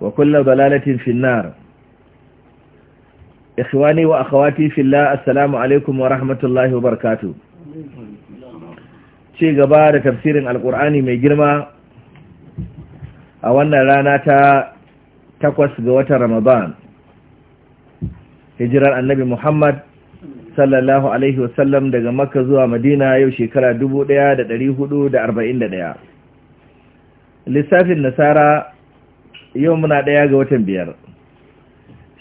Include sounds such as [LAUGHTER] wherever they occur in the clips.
وكل ضلالة في wa إخواني وأخواتي في assalamu alaikum wa rahmatullahi wa barkatu.' ci gaba da tafsirin alkur'ani mai girma a wannan rana ta takwas ga watan ramadan hijirar annabi muhammad sallallahu alaihi wasallam daga makka zuwa madina yau shekara 1441 lissafin nasara yau muna ɗaya ga watan biyar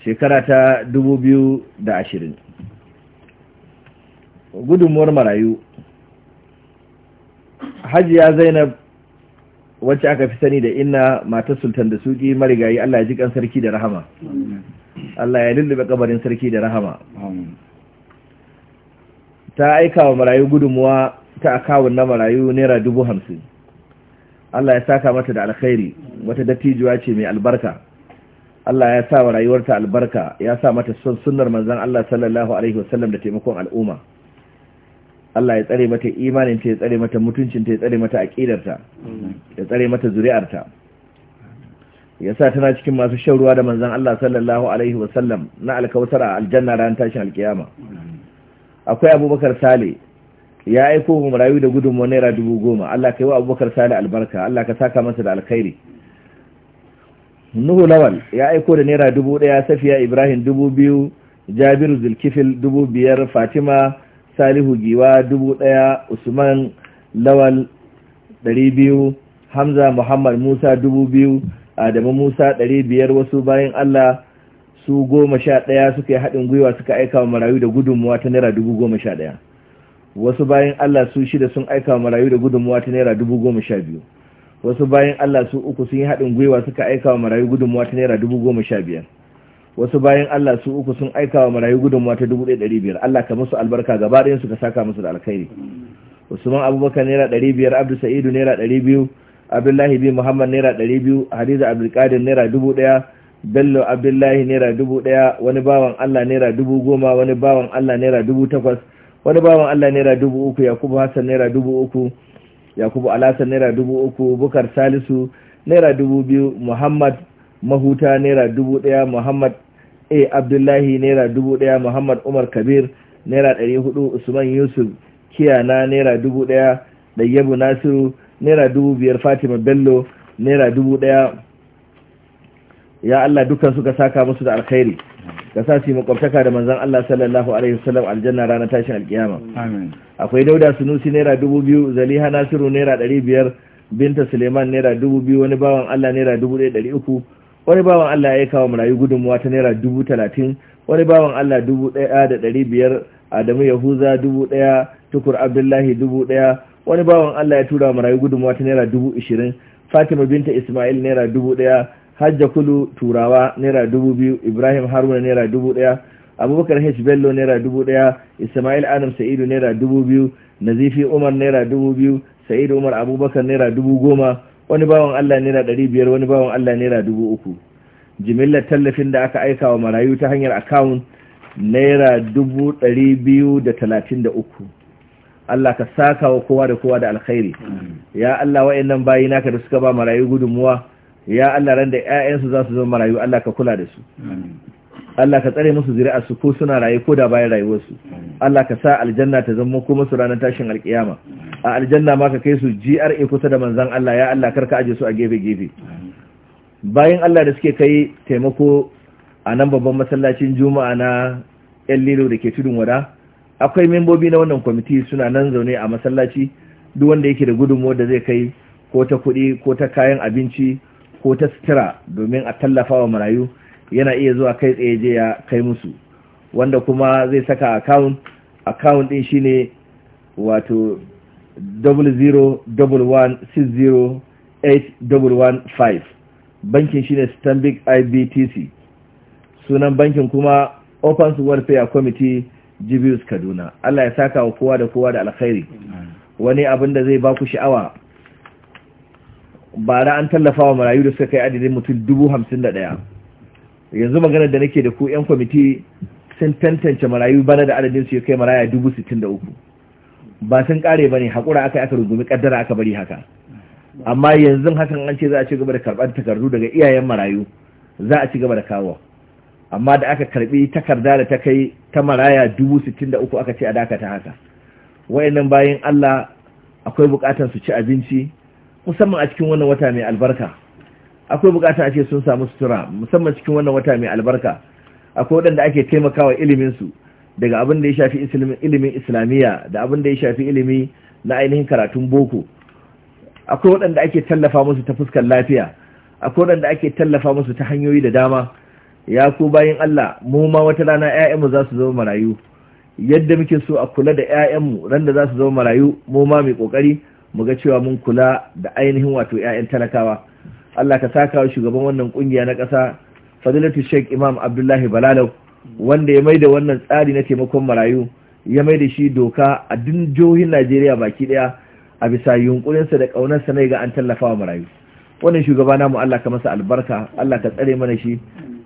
shekara ta dubu biyu da ashirin gudunmuwar marayu hajiya zainab wacce aka fi sani da inna matar sultan da suki marigayi allah ya ji sarki da rahama allah ya lullube kabarin sarki da rahama ta aika wa marayu gudunmuwa ta akawun na marayu naira dubu hamsin Allah ya saka mata da alkhairi wata dattijuwa ce mai albarka Allah ya sa wa rayuwarta albarka ya sa mata son sunnar manzon Allah sallallahu alaihi wasallam da taimakon al'umma Allah ya tsare mata imanin ta ya tsare mata mutuncin ta ya tsare mata aqidarta ya tsare mata zuri'arta ya sa tana cikin masu shan ruwa da manzon Allah sallallahu alaihi wasallam na alkawsara aljanna ran tashin alkiyama akwai Abubakar Sale ya aiko mu marayu da gudunmu naira dubu goma Allah ka yi wa abubakar sale albarka Allah ka saka masa da alkhairi nuhu lawal ya aiko da naira dubu daya safiya ibrahim dubu biyu jabiru zulkifil dubu biyar fatima salihu giwa dubu daya usman lawal dari biyu hamza muhammad musa dubu biyu adamu musa dari biyar wasu bayan allah su goma sha daya suka yi haɗin gwiwa suka aika wa marayu da gudunmuwa ta naira dubu goma sha daya. wasu bayan Allah su shida sun aika marayu da gudunmuwa ta naira dubu goma sha biyu wasu bayan Allah su uku sun yi haɗin gwiwa suka aika wa marayu gudunmuwa ta naira dubu goma sha biyar wasu bayan Allah su uku sun aika wa marayu gudunmuwa ta dubu ɗaya ɗari biyar Allah ka musu albarka gaba ɗayan su ka saka musu da alkhairi Usman Abubakar naira ɗari biyar Abdul Sa'idu naira ɗari biyu Abdullahi bin Muhammad naira ɗari biyu Hadiza Abdulkadir naira dubu ɗaya Bello Abdullahi naira dubu ɗaya wani bawan Allah naira dubu goma wani bawan Allah naira dubu takwas wani bawan Allah naira dubu uku yakubu hassan naira dubu uku yakubu alhassan naira dubu uku bukar salisu naira dubu biyu muhammad mahuta naira dubu daya muhammad a abdullahi naira dubu daya muhammad umar kabir naira ɗari hudu usman yusuf kiyana naira dubu daya ɗayyabu nasiru naira dubu biyar fatima bello naira dubu daya ya allah dukkan suka saka musu da alkhairi ka sa su makwabtaka da manzon Allah sallallahu alaihi wasallam aljanna ranar tashin alkiyama amin akwai dauda sunusi naira dubu biyu zaliha nasiru naira dari biyar binta suleiman naira dubu biyu wani bawan Allah naira dubu ɗaya dari uku wani bawan Allah ya kawo marayu gudunmuwa ta naira dubu talatin wani bawan Allah dubu ɗaya da dari biyar Adamu Yahuza dubu ɗaya Tukur Abdullahi dubu ɗaya wani bawan Allah ya tura marayu gudunmuwa ta naira dubu ishirin Fatima binta Ismail naira dubu ɗaya hajja kulu turawa naira dubu biyu ibrahim haruna naira dubu ɗaya abubakar h bello naira dubu ɗaya ismail adam sa'idu naira dubu biyu nazifi umar naira dubu biyu sa'idu umar abubakar naira dubu goma wani bawan allah naira ɗari biyar wani bawan allah naira dubu uku jimillar tallafin da aka aika wa marayu ta hanyar akawun naira dubu ɗari biyu da talatin da uku Allah ka saka wa kowa da kowa da alkhairi ya Allah wa'annan bayi naka da suka ba marayu gudunmuwa ya Allah ran da ƴaƴansu za su zama marayu Allah ka kula da su Allah ka tsare musu su ko suna rayu ko da bayan rayuwarsu Allah ka sa aljanna ta zama ko musu ranar tashin alkiyama a aljanna ma ka kai su GRA kusa da manzan Allah ya Allah karka aje su a gefe gefe bayan Allah da suke kai taimako a nan babban masallacin Juma'a na ƴan lilo da ke tudun wada akwai membobi na wannan kwamiti suna nan zaune a masallaci duk wanda yake da gudunmuwar da zai kai ko ta kuɗi ko ta kayan abinci ko ta sutura domin a tallafa wa marayu yana iya zuwa kai tsaye je ya kai musu wanda kuma zai saka account account din shine wato 00116081115 bankin shine Stanbic IBTC sunan bankin kuma Open Welfare Committee Jibius Kaduna Allah ya saka wa kowa da kowa da alkhairi wani abin da zai baku sha'awa Ba bara an tallafa wa marayu da suka kai adadin mutum dubu hamsin da ɗaya yanzu maganar da nake da ku 'yan kwamiti sun tantance marayu bana da adadin su ya kai maraya dubu sittin da uku ba sun kare ba ne haƙura aka aka rungumi kaddara aka bari haka amma yanzu hakan an ce za a ci gaba da karɓar takardu daga iyayen marayu za a ci gaba da kawo amma da aka karɓi takarda da ta kai ta maraya dubu sittin da uku aka ce a dakata haka wayannan bayan allah akwai buƙatar su ci abinci musamman a cikin wannan wata mai albarka akwai bukata a ce sun samu sutura musamman cikin wannan wata mai albarka akwai waɗanda ake taimakawa iliminsu daga abin da ya shafi ilimin islamiyya da abin da ya shafi ilimi na ainihin karatun boko akwai waɗanda ake tallafa musu ta fuskar lafiya akwai waɗanda ake tallafa musu ta hanyoyi da dama ya ku bayan Allah mu ma wata rana ƴaƴanmu za su zama marayu yadda muke so a kula da ƴaƴanmu ran da za su zama marayu mu ma mai kokari mu ga cewa mun kula da ainihin wato 'ya'yan talakawa Allah ka saka wa shugaban wannan kungiya na ƙasa fadilatu Sheikh Imam Abdullahi Balalau wanda ya maida wannan tsari na taimakon marayu ya maida shi doka a duk jihohin Najeriya baki ɗaya a bisa yunkurinsa da ƙaunarsa na ga an tallafa wa marayu wannan shugaba namu Allah ka masa albarka Allah ka tsare mana shi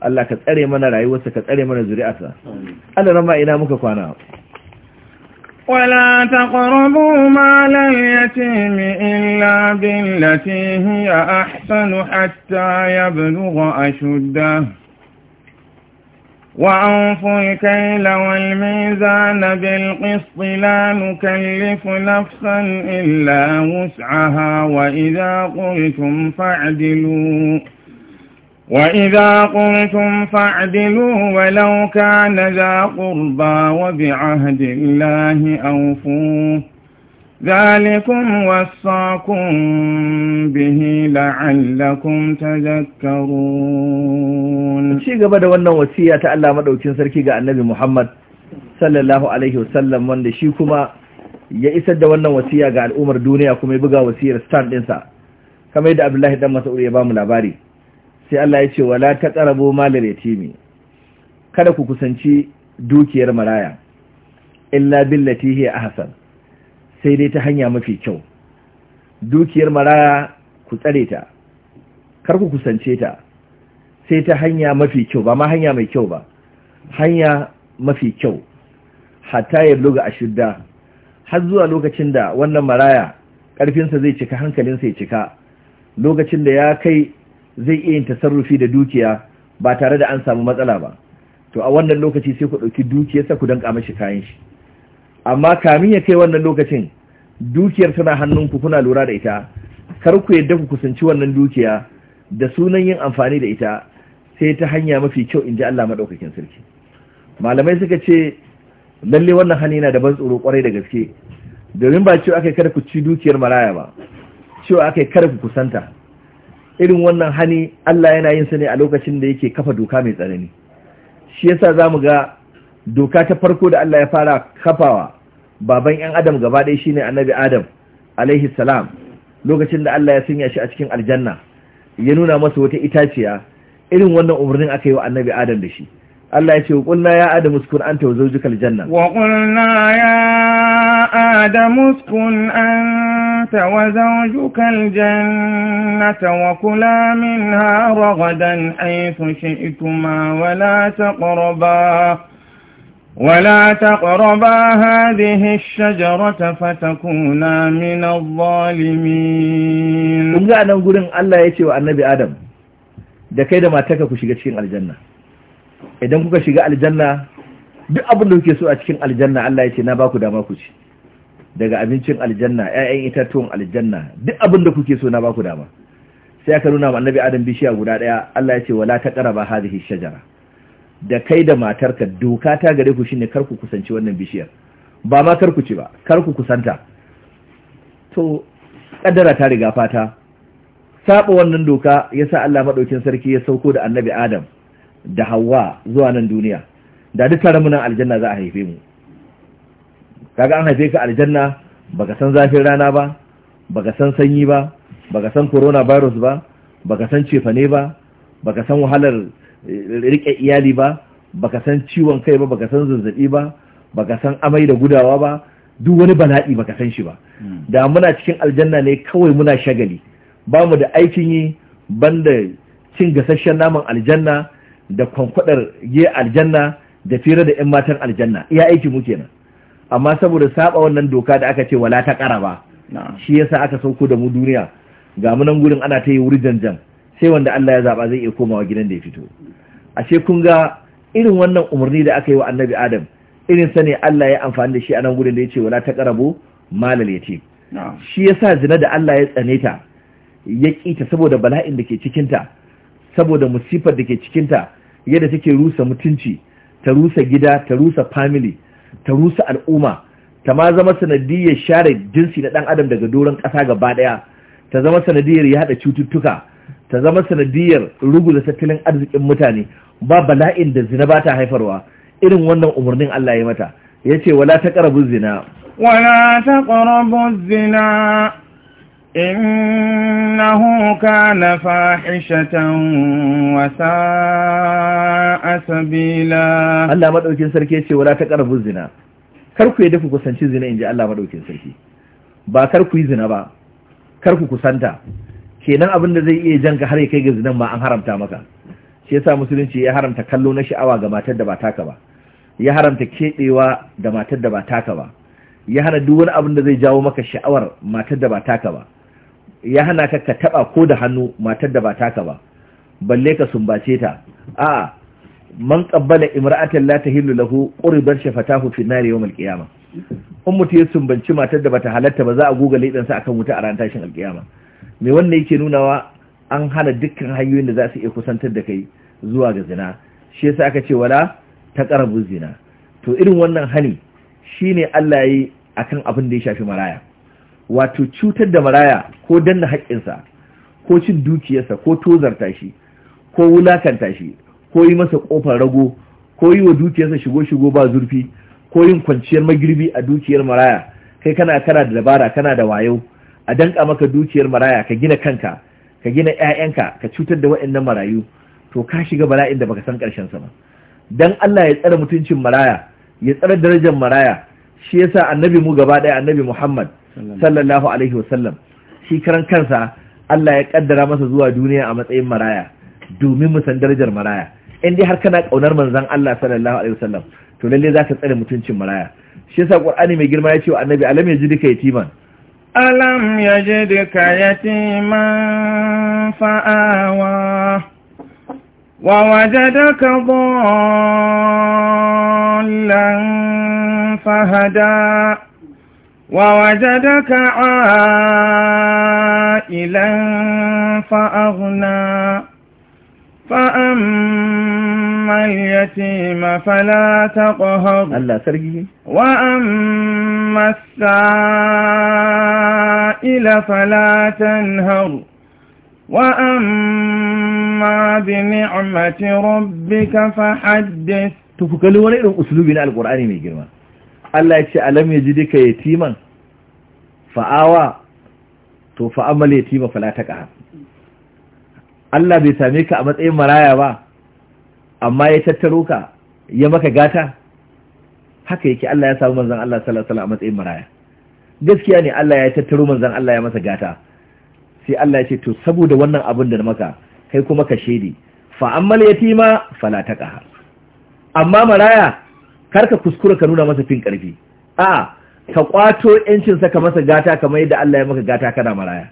Allah ka tsare mana rayuwarsa ka tsare mana zuri'arsa Allah rama ina muka kwana ولا تقربوا مال اليتيم إلا بالتي هي أحسن حتى يبلغ أشده وأوفوا الكيل والميزان بالقسط لا نكلف نفسا إلا وسعها وإذا قلتم فاعدلوا وإذا قلتم فاعدلوا ولو كان ذا قربى وبعهد الله أوفوه ذلكم وصاكم به لعلكم تذكرون شي gaba da wannan wasiya ta Allah madaukin sarki ga Annabi Muhammad sallallahu alaihi wasallam wanda shi kuma ya isar da wannan wasiya ga al'ummar duniya kuma ya buga wasiyar stand sa kamar yadda Abdullahi dan Mas'ud ya ba mu labari sai Allah ya ce wala taqrabu malal yatimi kada ku kusanci dukiyar maraya illa billati hi ahsan sai dai ta hanya mafi kyau dukiyar maraya ku tsare ta kar ku kusance ta sai ta hanya mafi kyau ba ma hanya mai kyau ba hanya mafi kyau hatta ya a ashidda har zuwa lokacin da wannan maraya ƙarfinsa zai cika hankalin sa ya cika lokacin da ya kai zai iya yin tasarrufi da dukiya ba tare da an samu matsala ba to a wannan lokaci sai ku ɗauki dukiyarsa ku danka mashi kayan shi amma kamin ya kai wannan lokacin dukiyar tana hannunku kuna lura da ita kar ku yadda ku kusanci wannan dukiya da sunan yin amfani da ita sai ta hanya mafi kyau in ji Allah maɗaukakin sarki malamai suka ce lalle wannan hani yana da ban tsoro kwarai da gaske domin ba cewa aka kada ku ci dukiyar maraya ba cewa aka kada ku kusanta irin wannan hani Allah yana yin sa ne a lokacin da yake kafa doka mai tsanani shi yasa zamu ga doka ta farko da Allah ya fara kafawa baban yan adam gaba ɗaya shine annabi adam alaihi salam lokacin da Allah ya sanya shi a cikin aljanna ya nuna masa wata itaciya irin wannan umarnin aka yi wa annabi adam da shi Allah ya ce wa ƙulna ya adam uskun anta wa zawjuka aljanna. wa ya adam uskun an أنت وزوجك الجنة وكلا منها رغدا حيث شئتما ولا تقربا ولا تقربا هذه الشجرة فتكونا من الظالمين kun ga nan gurin الله ya ce wa annabi Adam da kai da mataka ku shiga cikin aljanna idan kuka shiga aljanna duk abin da kuke so a cikin aljanna Allah ya ce na baku dama ku ci daga abincin aljanna ƴaƴan itatuwan aljanna duk abin da kuke so na baku dama sai aka nuna annabi adam bishiya guda daya Allah ya ce wala taqraba hadhihi shajara da kai da matarka doka ta gare ku shine kar ku kusanci wannan bishiyar ba ma kar ku ci ba kar ku kusanta to kaddara ta riga fata saba wannan doka yasa Allah madaukin sarki ya sauko da annabi adam da hawa zuwa nan duniya da duk taramunan aljanna za a haife mu kaga an haife ka aljanna baka san zafin rana ba baka san sanyi ba baka san coronavirus ba baka san cefane ba baka san wahalar eh, rike iyali ba baka san ciwon kai ba baka san zazzabi ba baka san amai da gudawa ba duk wani bala'i baka san shi ba hmm. da muna cikin aljanna ne kawai muna shagali ba mu da aikin yi banda cin gasasshen naman aljanna da kwankwadar ge aljanna da fira da 'yan matan aljanna iya aiki mu kenan amma saboda saba wannan doka da aka ce wala ta ba shi yasa aka sauko da mu duniya ga munan gurin ana ta yi wuri janjan sai wanda Allah ya zaba zai iya komawa gidan da ya fito ashe kun ga irin wannan umarni da aka yi wa annabi adam irin sa ne Allah ya amfani da shi a nan gurin da ya ce wala ta bo malal yatim shi yasa zina da Allah ya tsane ta ya ta saboda bala'in da ke cikinta saboda musifar da ke cikin ta yadda take rusa mutunci ta rusa gida ta rusa family ta rusa al'umma ta ma zama sanadiyar share jinsi na ɗan adam daga doron ƙasa gaba ɗaya ta zama sanadiyar ya haɗa cututtuka ta zama sanadiyar ruguza tattalin arzikin mutane ba bala'in da zina ba ta haifarwa irin wannan umarnin Allah ya mata ya ce wala ta ƙarabin zina wala ta ƙarabin zina إنه كان فاحشة وساء سبيلا الله مدوكين سركي يتي ولا تقربوا الزنا karku ya dafa kusanci zina in ji Allah madaukin sarki ba karku yi zina ba karku kusanta kenan abin da zai iya janka har ya kai ga zinan ma an haramta maka shi yasa musulunci ya haramta kallo na sha'awa ga matar da ba taka ba ya haramta keɓewa da matar da ba taka ba ya hana duk wani abin da zai jawo maka sha'awar matar da ba taka ba ya hana ka ka taba ko da hannu matar da ba taka ba balle ka sumbace ta a man qabbala imra'atan la tahillu lahu quribat shafatahu fi nar yawm al qiyama in mutum ya sumbanci matar da bata halatta ba za a goga sa akan wuta a ran tashin alkiyama me wannan yake nunawa an hana dukkan hanyoyin da za su iya kusantar da kai zuwa ga zina shi yasa aka ce wala ta zina to irin wannan hani shine Allah yayi akan abin da ya shafi maraya wato cutar da maraya ko danna haƙƙinsa ko cin dukiyarsa ko tozarta shi ko wulakanta shi ko yi masa ƙofar rago ko yi wa dukiyarsa shigo-shigo ba zurfi ko yin kwanciyar magirbi a dukiyar maraya kai kana kana da dabara kana da wayo a danka maka dukiyar maraya ka gina kanka ka gina ƴaƴanka ka cutar da waɗannan marayu to ka shiga bala'in da baka san ƙarshen sa ba dan Allah ya tsare mutuncin maraya ya tsare darajar maraya shi yasa annabi mu gaba ɗaya annabi Muhammad sallallahu alaihi wasallam shi karan kansa Allah ya kaddara masa zuwa duniya a matsayin maraya domin mu san darajar maraya in dai har kana kaunar manzon Allah sallallahu alaihi wasallam to lalle zaka tsare mutuncin maraya shi yasa Qur'ani mai girma ya ce wa Annabi alam yajidika yatiman alam yajidika yatiman fa'awa wa wajadaka dhallan fahada ووجدك عائلا فأغنى فأما اليتيم فلا تقهر وأما السائل فلا تنهر وأما بنعمة ربك فحدث تفكلوا لئن أسلوبنا القرآن من جرمان Allah ya ce alam ya ji duka yatiman fa'awa to fa'amal yatima fala taqha Allah bai same ka a matsayin maraya ba amma ya tattaro ka ya maka gata haka yake Allah ya samu manzon Allah sallallahu alaihi a matsayin maraya gaskiya ne Allah ya tattaro manzon Allah ya masa gata sai Allah ya ce to saboda wannan abin da na maka kai kuma ka shede fa'amala ammal yatima fala taqha amma maraya Kar ka kuskura ka nuna masa fin karfi a ka kwato yancin sa ka masa gata kamar yadda Allah ya maka gata kana maraya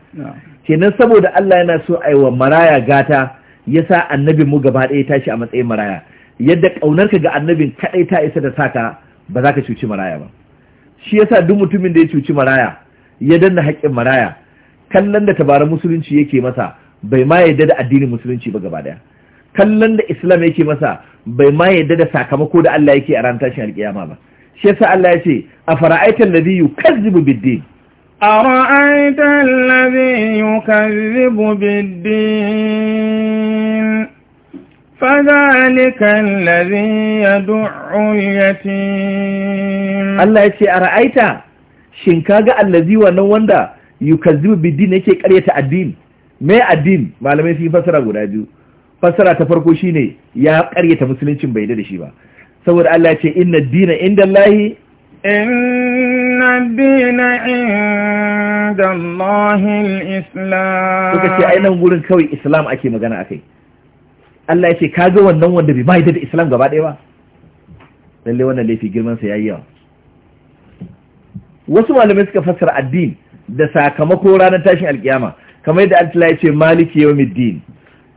kenan saboda Allah yana so a wa maraya gata yasa annabin mu gaba ɗaya tashi a matsayin maraya yadda ƙaunarka ga annabin kadai ta isa da saka ba za ka cuci maraya ba shi yasa duk mutumin da ya cuci maraya ya danna haƙƙin maraya kallon da tabarar musulunci yake masa bai ma yarda da addinin musulunci ba gaba ɗaya kallon da islam yake masa bai ma yadda da sakamako da Allah yake a ran tashin alkiyama ba shi yasa Allah ya ce a fara'aita alladhi yukazzibu biddin ara'aita alladhi yukazzibu biddin fadhalika alladhi yad'u yatim Allah ya ce ra'aita shin ga alladhi wannan wanda yukazzibu biddin yake ƙaryata addini me addini malamai sun fassara guda biyu fassara ta farko shine ya karyata musuluncin bai da shi ba saboda Allah ce inna dina inda Allahi inna dina inda Allahi islam suka ce ainihin gurin kawai islam ake magana akai Allah ya ce ka ga wannan wanda bai bai da islam gaba ɗaya ba lalle wannan laifi girman sa yayi yawa wasu malamai suka fassara addini da sakamako ranar tashin alkiyama kamar yadda Allah ya ce maliki yawmiddin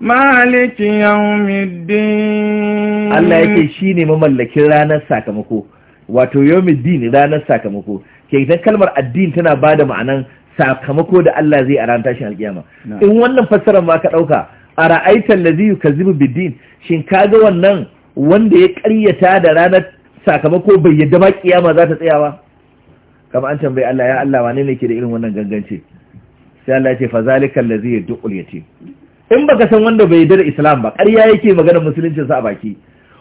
maliki yawmiddin Allah yake ne mamallakin ranar sakamako wato yawmiddin ranar sakamako ke idan kalmar addini tana ba da ma'anan sakamako da Allah zai a ranar tashin alkiyama in wannan fassarar ma ka ɗauka, a ra'aitan ka yukazzibu biddin shin ga wannan wanda ya ƙaryata da ranar sakamako bai yadda ba kiyama za ta tsayawa kama an tambayi Allah ya Allah wane ne ke da irin wannan gangance sai Allah ya ce fa da zai yadda ƙulyace. in baka san wanda bai yarda da islam ba ƙarya yake maganar musulunci sa a baki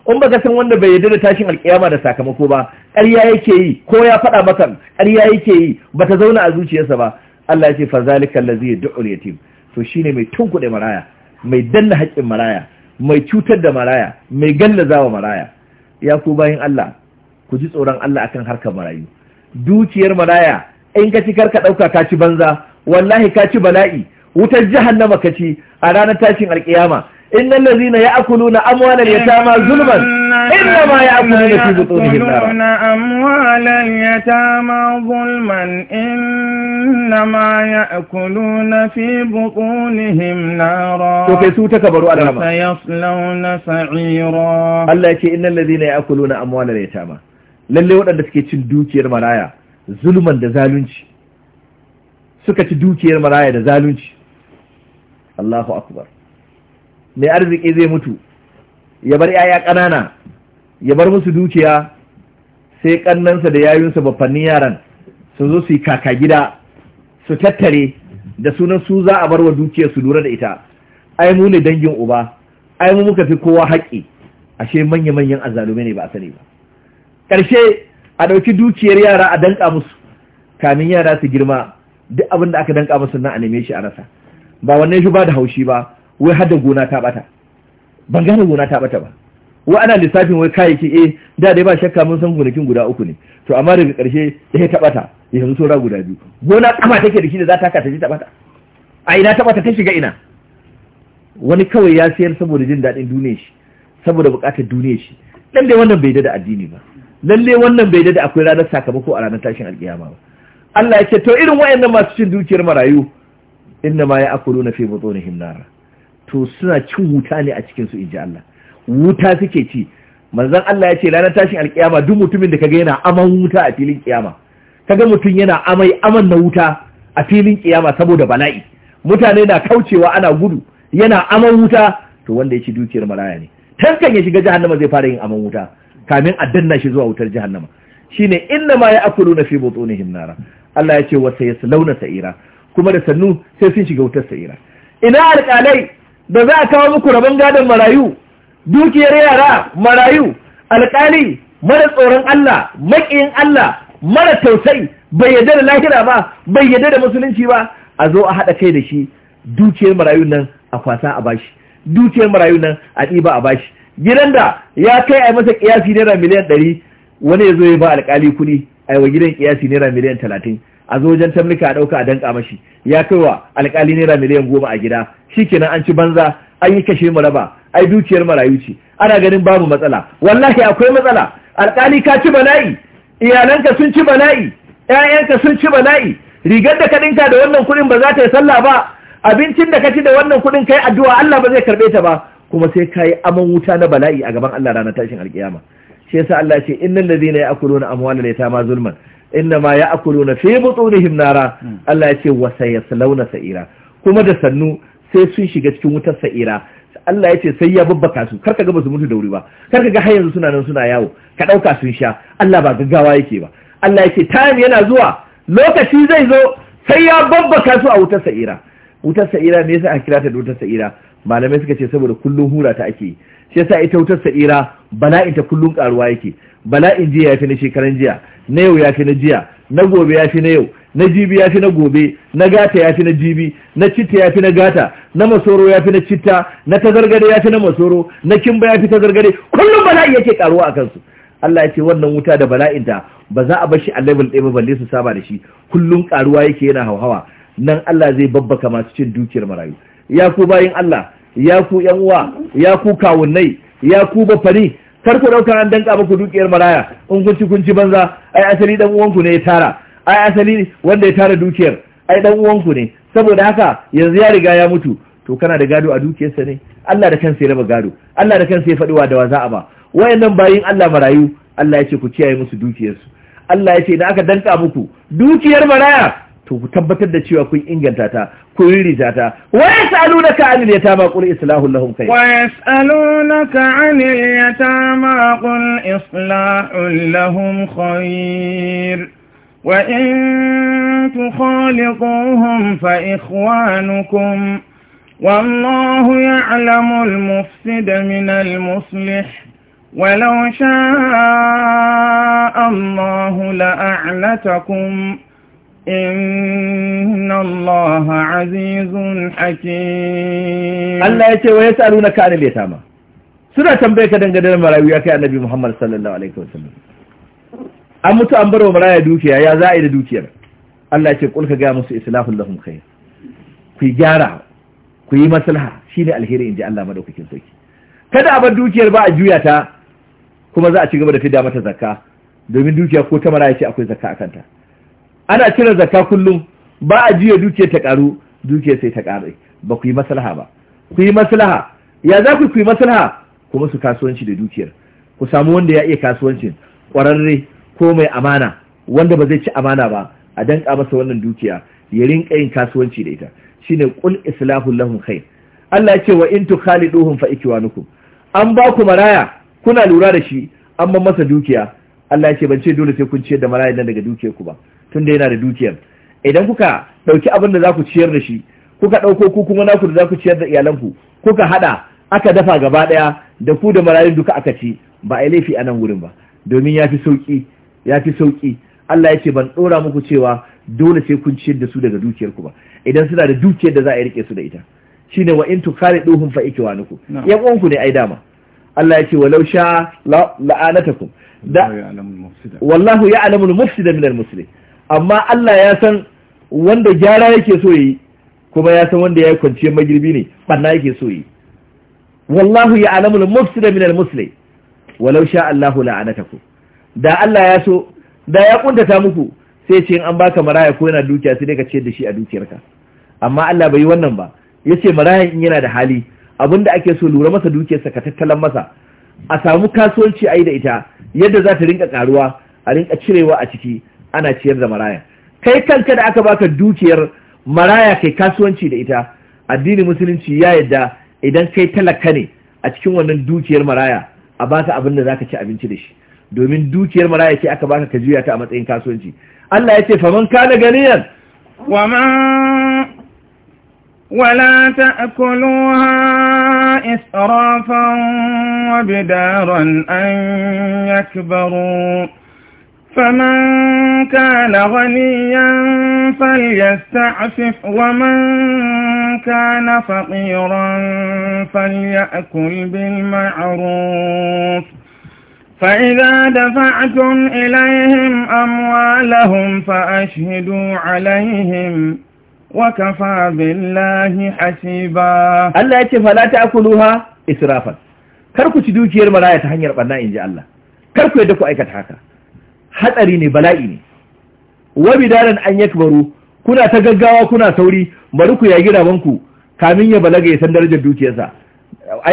in baka san wanda bai yarda da tashin alkiyama da sakamako ba ƙarya yake yi ko ya faɗa maka ƙarya yake yi Ba ta zauna a zuciyarsa ba Allah ya ce fazalikal ladzi yad'u yatim to shine mai tunkuɗe maraya mai danna haƙƙin maraya mai cutar da maraya mai galla zawa maraya ya ku bayin Allah ku ji tsoron Allah akan harkar marayu dukiyar maraya in ka ci karka ɗauka ka ci banza wallahi ka ci bala'i wutar jahannama ka ci a ranar tashin alkiyama innal ladzina ya'kuluna amwalal yatama zulman innama ya'kuluna fi butunihim nara amwalal yatama zulman innama ya'kuluna fi butunihim nara to kai su takabaru alama sayaslawna sa'ira Allah yake innal ladzina ya'kuluna amwalal yatama lalle waɗanda suke cin dukiyar maraya zulman da zalunci suka ci dukiyar maraya da zalunci Allahu akbar mai arziki zai mutu ya bar yaya ƙanana ya bar musu dukiya sai ƙannansa da yayunsa bafannin yaran su zo su yi kaka gida su tattare da sunan su za a bar wa dukiyar su lura da ita ai mu ne dangin uba ai mu muka fi kowa haƙƙi ashe manya manyan azalume ne ba a sani ba ƙarshe a ɗauki dukiyar yara a danƙa musu kamin yara su girma duk abin da aka danƙa musu na a neme shi a rasa ba wannan shi ba da haushi ba wai hada gona ta bata ban gane gona ta bata ba wa ana lissafin wai kayayyaki eh da dai ba shakka mun san gonakin guda uku ne to amma daga karshe ya eh, ta bata yanzu saura guda biyu gona kama take da shi da za ta ka ta ta bata a ina ta bata ta shiga ina wani kawai ya sayar saboda jin dadin duniyar shi saboda bukatar duniyar shi lalle wannan bai da addini ba lalle wannan bai da akwai ranar sakamako a ranar tashin alƙiyama ba Allah ya ce to irin wayannan masu cin dukiyar marayu inna ma ya'kuluna fi butunihim himnara, to suna cin wuta ne a cikin su inji Allah wuta suke ci manzon Allah yace ce tashin alkiyama duk mutumin da kaga yana aman wuta a filin kiyama kaga mutum yana amai aman na wuta a filin kiyama saboda bala'i mutane na kaucewa ana gudu yana aman wuta to wanda ya ci dukiyar malaya ne tankan ya shiga jahannama zai fara yin aman wuta kamin a danna shi zuwa wutar jahannama shine inna ma ya'kuluna fi butunihim nara Allah ya ce wa sayaslawna sa'ira kuma da sannu sai sun shiga wutar sa'ira ina alƙalai da za a kawo muku rabon gadon marayu dukiyar yara marayu alƙali mara tsoron Allah maƙiyin Allah mara tausayi bai yarda da lahira ba bai yarda da musulunci ba a zo a haɗa kai da shi dukiyar marayu nan a kwasa a bashi dukiyar marayu nan a ɗiba a bashi gidan da ya kai a masa ƙiyasi naira miliyan ɗari wani ya zo ya ba alƙali kuɗi a yi wa gidan ƙiyasi naira miliyan talatin a zo wajen tamlika a ɗauka a danka mashi ya kai wa alƙali naira miliyan goma a gida Shi kenan an ci banza an yi kashe mu raba ai dukiyar marayu ce ana ganin babu matsala wallahi akwai matsala alƙali ka ci bala'i iyalanka sun ci bala'i ƴaƴanka sun ci bala'i rigar da ka ɗinka da wannan kuɗin ba za ta yi sallah ba abincin da ka ci da wannan kuɗin kai addu'a Allah ba zai karɓe ta ba kuma sai ka yi aman wuta na bala'i a gaban Allah ranar tashin alƙiyama shi yasa Allah ce innal ladina ya'kuluna amwalal yatama zulman inna ma ya na fi butunihim himnara. Allah ya ce salau na sa'ira kuma da sannu sai sun shiga cikin wutar sa'ira Allah ya ce sai ya babbaka su karka ga su mutu da wuri ba karka ga har yanzu suna nan suna yawo ka dauka sun sha Allah ba gaggawa yake ba Allah ya ce time yana zuwa lokaci zai zo sai ya babbaka su a wutar sa'ira wutar sa'ira me yasa an kira ta da wutar sa'ira malamai suka ce saboda kullun hura ta ake shi yasa ita wutar sa'ira bala'in ta kullum karuwa yake bala'in jiya ya fi na shekaran jiya na yau ya fi na jiya na gobe ya fi na yau na jibi ya fi na gobe na gata ya fi na jibi na citta ya fi na gata na masoro ya fi na citta na tazargare ya fi na masoro na kimba ya fi tazargare kullum bala'i yake karuwa a kansu Allah ya ce wannan wuta da bala'in bala'inta ba za a bar shi a level ɗaya ba balle su saba da shi kullum karuwa yake yana hauhawa nan Allah zai babbaka masu cin dukiyar marayu ya ku bayin Allah ya ku yan uwa ya ku kawunnai ya ku ba fari kar ku ɗauka an danka muku dukiyar maraya in kun ci kun ci banza ai asali dan uwanku ne ya tara ai asali wanda ya tara dukiyar ai dan uwanku ne saboda haka yanzu ya riga ya mutu to kana da gado a dukiyarsa ne Allah da kansa ya raba gado Allah da kansa ya faɗi da wa za a ba wayannan bayin Allah marayu Allah ya ce ku kiyaye musu dukiyarsu Allah ya ce idan aka danka muku dukiyar maraya to ku tabbatar da cewa kun inganta ta kun ririta ta wa yas'alunaka 'anil yatama qul islahu lahum khayr wa yas'alunaka 'anil yatama qul islahu lahum khayr wa in tukhaliquhum fa ikhwanukum wallahu ya'lamu al-mufsida min al-muslih ولو شاء الله لأعنتكم Inna Allah إن الله عزيز حكيم الله يتي ويسألونك عن ma? suna tambaye ka dangane da marayu ya kai annabi Muhammad sallallahu alaihi wasallam an mutu an bar wa maraya dukiya ya za a yi da dukiyar Allah ce kulka ga musu islahul lahum khair ku gyara ku yi maslaha shine alheri inji Allah madaukakin sarki kada a bar dukiyar ba a juya ta kuma za a ci gaba da fida mata zakka domin dukiya ko ta maraya ce akwai zakka a kanta ana cire zakka kullum ba a jiya duke ta karu duke sai ta kare ba ku yi maslaha ba ku yi maslaha ya za ku yi maslaha kuma su kasuwanci da dukiyar ku samu wanda ya iya kasuwancin kwararre ko mai amana wanda ba zai ci amana ba a danka masa wannan dukiya ya rinka yin kasuwanci da ita shine qul islahu lahum khair Allah ya ce wa in tukhaliduhum fa ikwanukum an ba ku maraya kuna lura da shi an masa dukiya Allah ya ce ban ce dole sai kun ciyar da marayan nan daga dukiyar ku ba tun da yana da dukiyar idan kuka ɗauki abin da za ku ciyar da shi kuka ɗauko ku kuma naku da za ku ciyar da iyalanku kuka haɗa aka dafa gaba ɗaya da ku da marayun duka aka ci ba a laifi a nan wurin ba domin ya fi sauƙi ya fi sauki Allah ya ce ban ɗora muku cewa dole sai kun ciyar da su daga dukiyar ku ba idan suna da dukiyar da za a riƙe su da ita shine wa in kare duhun fa ikwanuku yan uwanku ne ai dama Allah ya ce walau sha la'anatakum da wallahu ya'lamu al-mufsida min al-muslim amma Allah ya san wanda gyara yake so yi kuma ya san wanda ya kwanciyar magirbi ne banna yake so yi wallahu ya alamul mufsida minal musli walau sha Allahu la'anataku da Allah ya so da ya ƙuntata muku sai ce an baka maraya ko yana dukiya sai dai ka ce da shi a dukiyarka amma Allah bai yi wannan ba ya ce marayan in yana da hali da ake so lura masa dukiyarsa ka tattalan masa a samu kasuwanci a yi da ita yadda za ta rinka karuwa a rinka cirewa a ciki ana ciyar da maraya kai kanka da aka baka dukiyar maraya kai kasuwanci da ita addinin musulunci ya yadda idan kai talaka ne a cikin wannan dukiyar maraya a baka abin da zaka ci abinci da shi domin dukiyar maraya ce aka baka ka juya ta a matsayin kasuwanci Allah ya ce faman kana ganiyan wa ma ولا تأكلوها إسرافا وبدارا أن يكبروا فمن كان غنيا فليستعفف ومن كان فقيرا فليأكل بالمعروف فإذا دفعتم إليهم أموالهم فأشهدوا عليهم وكفى بالله حسيبا الله يتي فلا تأكلوها إسرافا كركو تدوكي يرمى لا بنا إن جاء الله كركو يدكو أيكت حكا hatsari ne bala'i ne wabi daren an yakbaru kuna ta gaggawa kuna sauri bari ku yagi rabanku kamin ya balaga ya san darajar dukiyarsa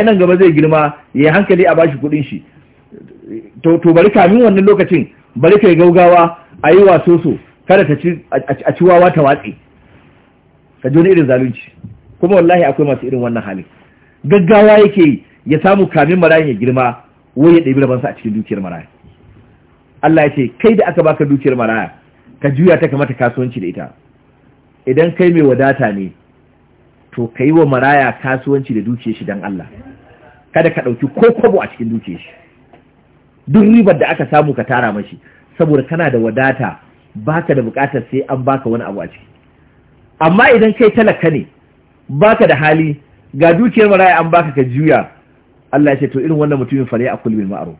nan gaba zai girma ya yi hankali a bashi kuɗin shi to bari kamin wannan lokacin bari ka yi gaugawa a yi waso so kada ta ci a ci wawa ta watsi ka ji wani irin zalunci kuma wallahi akwai masu irin wannan halin gaggawa yake ya samu kamin marayin ya girma wai ya ɗabi rabansa a cikin dukiyar marayin Allah ya ce kai da aka baka dukiyar maraya ka juya ta kamata kasuwanci da ita idan kai mai wadata ne to ka yi wa maraya kasuwanci da dukiyar shi don Allah kada ka ɗauki ko kwabo a cikin dukiyar shi duk ribar da aka samu ka tara mashi saboda kana da wadata baka da bukatar sai an baka wani abu a ciki amma idan kai talaka ne baka da hali ga dukiyar maraya an baka ka juya Allah ya ce to irin wannan mutumin fare a kulmin ma'aro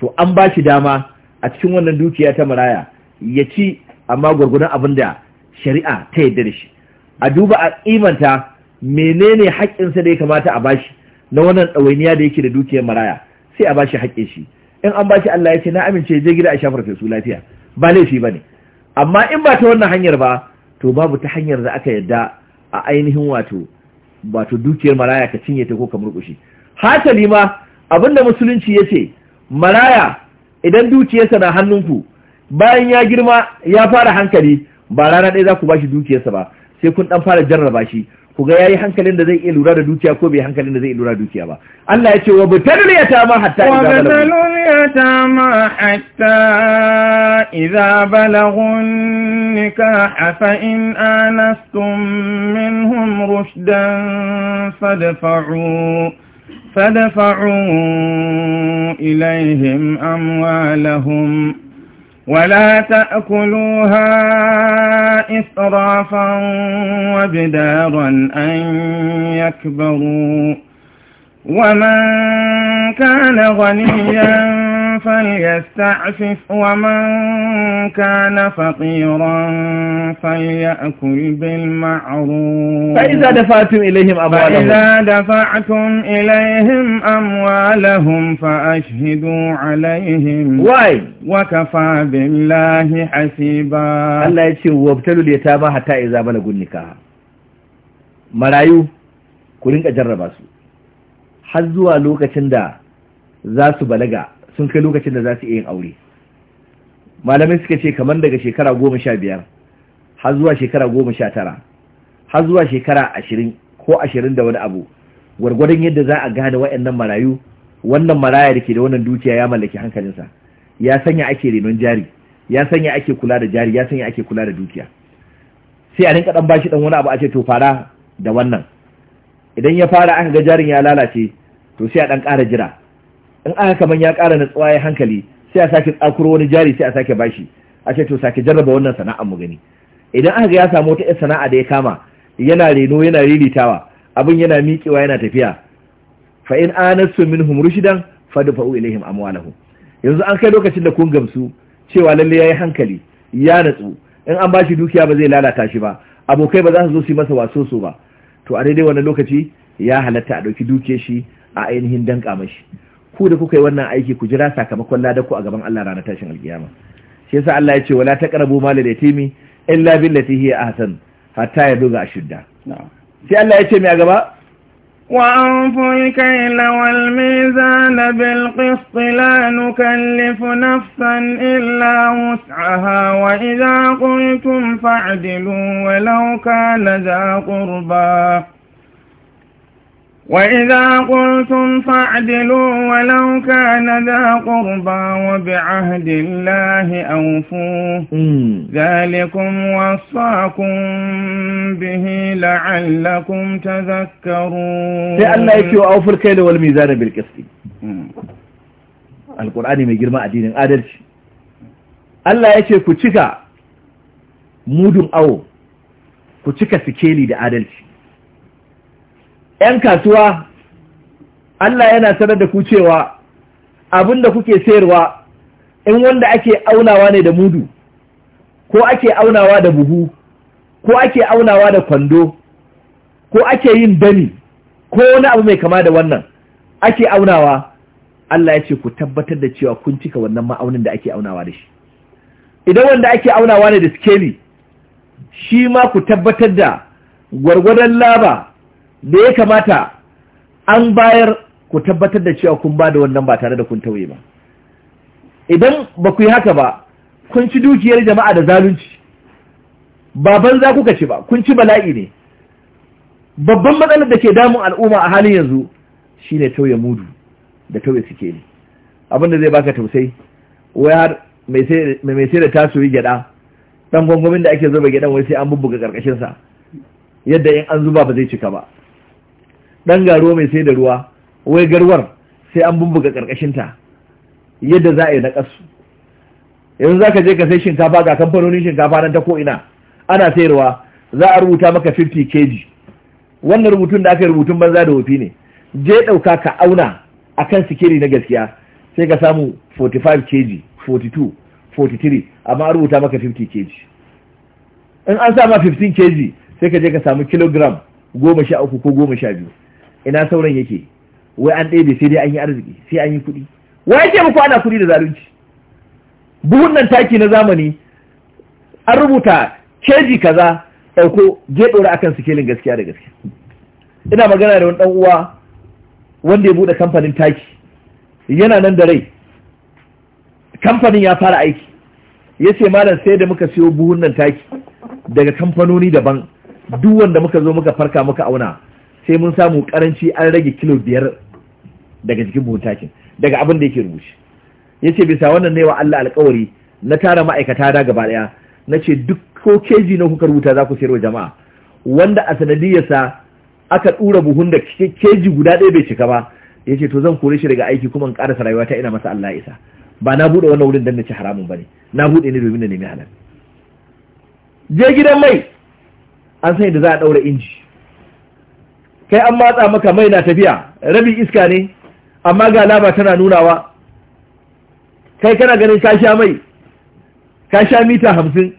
to an ba shi dama a cikin wannan dukiya ta maraya ya ci amma gwargwadon abin da shari'a ta yadda da shi a duba a imanta menene haƙƙinsa da ya kamata a bashi na wannan ɗawainiya da yake da dukiyar maraya sai a bashi haƙƙin shi in an bashi Allah ya ce na amince je gida a shafar fesu lafiya ba laifi ne. amma in ba ta wannan hanyar ba to babu ta hanyar da aka yarda a ainihin wato wato dukiyar maraya ka cinye ta ko ka murƙushe hasali ma abinda musulunci ya ce maraya idan dukiyarsa na hannunku bayan ya girma ya fara hankali ba rana ɗaya za ku ba shi dukiyarsa ba sai kun ɗan fara jarraba shi ku ga yayi hankalin da zai iya lura da dukiya ko bai hankalin da zai iya lura da dukiya ba Allah ya ce wa butalul ma hatta idza balagun wa butalul ma hatta idza balagun nika fa in anastum minhum rushdan fadfa'u فدفعوا إليهم أموالهم ولا تأكلوها إسرافا وبدارا أن يكبروا ومن كان غنيا فليستعفف ومن كان فقيرا فليأكل بالمعروف فإذا دفعتم إليهم أموالهم فإذا دفعتم إليهم أموالهم فأشهدوا عليهم واي وكفى بالله حسيبا الله يتشي وابتلوا اليتامى حتى إذا بلغوا النكاح مرايو ku rinka حزوا su har za su balaga sun kai lokacin da za su iya yin aure malamai suka ce kamar daga shekara goma sha biyar har zuwa shekara goma sha tara har zuwa shekara ashirin ko ashirin da wani abu gwargwadon yadda za a gane wa'annan marayu wannan maraya da ke da wannan dukiya ya mallaki hankalinsa ya sanya ake renon jari ya sanya ake kula da jari ya sanya ake kula da dukiya sai a rinka dan bashi dan wani abu a ce to fara da wannan idan ya fara aka ga jarin ya lalace to sai a ɗan ƙara jira in aka kaman ya ƙara na ya hankali sai a sake tsakuro wani jari sai a sake bashi a ce to sake jarraba wannan sana'a mu gani idan aka ga ya samu wata sana'a da ya kama yana reno yana riritawa abin yana miƙewa yana tafiya fa in anasu minhum rushdan fadfa'u ilaihim amwalahum yanzu an kai lokacin da kun gamsu cewa lalle yayi hankali ya natsu in an bashi dukiya ba zai lalata shi ba abokai ba za su zo su masa waso so ba to a daidai wannan lokaci ya halatta a dauki dukiyar shi a ainihin danka mashi ku da kuka yi wannan aiki ku jira sakamakon ladanku a gaban Allah ranar tashin alkiyama shi yasa Allah ya ce wala taqrabu mal yatimi illa billati hiya ahsan hatta yaduga ashudda sai Allah ya ce mai a gaba وأوفوا الكيل والميزان بالقسط لا نكلف نفسا إلا وسعها وإذا قلتم فاعدلوا ولو كان ذا قربا وإذا قلتم فاعدلوا ولو كان ذا قربى وبعهد الله أوفوه ذلكم وصاكم به لعلكم تذكرون سألنا يكيو أوفر الكيل والميزان بالقسط القرآن ما يجرم أدين أدرش الله يكيو كتك مودم أو كتك سكيلي دي cika sikeli ‘yan kasuwa Allah yana sanar da ku cewa abin da kuke sayarwa in wanda ake aunawa ne da mudu ko ake aunawa da buhu ko ake aunawa da kwando ko ake yin dani ko wani abu mai kama da wannan ake aunawa Allah ya ce ku tabbatar da cewa kun cika wannan ma'aunin da ake aunawa da shi idan wanda ake aunawa ne da skeli shi ma ku tabbatar da gwargwadon laba da ya kamata an bayar ku tabbatar da cewa kun ba da wannan ba tare da kun tauye ba idan ba ku yi haka ba kun ci dukiyar jama'a da zalunci ba za kuka ci ba kun ci bala'i ne babban matsalar da ke damun al'umma a halin yanzu shi ne tauye mudu da tauye suke ne abin da zai baka tausai wai har mai sai da yi gyada ɗan gwangwamin da ake zuba gyadan wai sai an bubbuga karkashin yadda in an zuba ba zai cika ba Ɗan garo mai sai da ruwa wai garwar sai an bumbuga ƙarƙashinta yadda za a yi na yanzu za ka je ka sai shinkafa ga kamfanonin shinkafa nan ta ko ina ana sayarwa za a rubuta maka 50 kg wannan rubutun da aka yi rubutun banza da wofi ne je ɗauka ka auna a kan sikiri na gaskiya sai ka samu 45 kg 42 43 amma an rubuta maka 50 kg in an sama 15 kg sai ka je ka samu kilogram goma sha uku ko goma sha biyu ina sauran yake wai an ɗebe sai dai an yi arziki sai an yi kuɗi wai yake muku ana kuɗi da zalunci buhun nan taki na zamani an rubuta keji kaza ɗauko je ɗora akan sikelin gaskiya da gaskiya ina magana da wani ɗan uwa wanda ya buɗe kamfanin taki yana nan da rai kamfanin ya fara aiki ya ce malam sai da muka siyo buhun nan taki daga kamfanoni daban duk wanda muka zo muka farka muka auna sai mun samu karanci an rage kilo biyar daga jikin buhun takin daga abin da yake rubuce ya ce bisa wannan ne wa Allah alkawari na tara ma'aikata da gaba daya na ce duk ko keji na kuka rubuta za ku sayarwa jama'a wanda a sanadiyarsa aka ɗura buhun da keji guda ɗaya bai cika ba ya ce to zan kore shi daga aiki kuma in ƙarasa rayuwa ta ina masa Allah ya isa ba na buɗe wannan wurin don na ci haramun ba ne na buɗe ne domin na nemi halal je gidan mai an sani da za a ɗaura inji kai an matsa maka mai na tafiya rabi iska ne amma ga alama tana nunawa kai kana ganin ka sha mai ka sha mita hamsin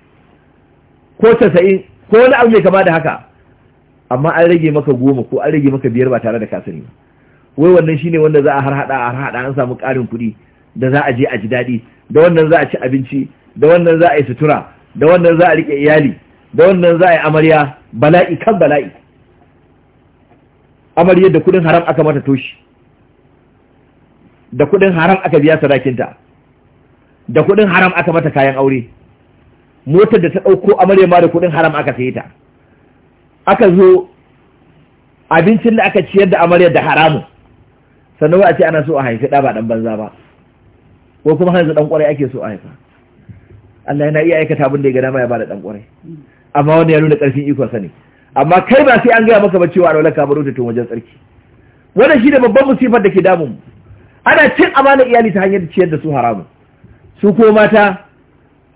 ko tasa'in ko wani abu mai kama da haka amma an rage maka goma ko an rage maka biyar ba tare da kasani wai wannan shine wanda za a har hada a har hada an samu karin kuɗi da za a je a ji daɗi da wannan za a ci abinci da wannan za a yi sutura da wannan za a riƙe iyali da wannan za a yi amarya bala'i kan bala'i amaryar da kudin haram aka mata toshi da kudin haram aka biya sadakinta da kudin haram aka mata kayan aure motar da ta ɗauko amarya ma da kudin haram aka saye ta aka zo abincin da aka ciyar da amarya da haramu, sannan wa a ce ana so a haifi ɗa ba ɗan banza ba ko kuma hanzu ɗan ƙwarai ake so a haifa Allah yana iya aikata abin da ya gada ma ya bada ɗan ƙwarai amma wanda ya nuna ƙarfin ikon sani. ne amma kai ba sai an gaya maka ba cewa alwala ka baro ta wajen tsarki wannan shi da babban musifar da ke damun ana cin amana iyali ta hanyar ciyar da su haramun su ko mata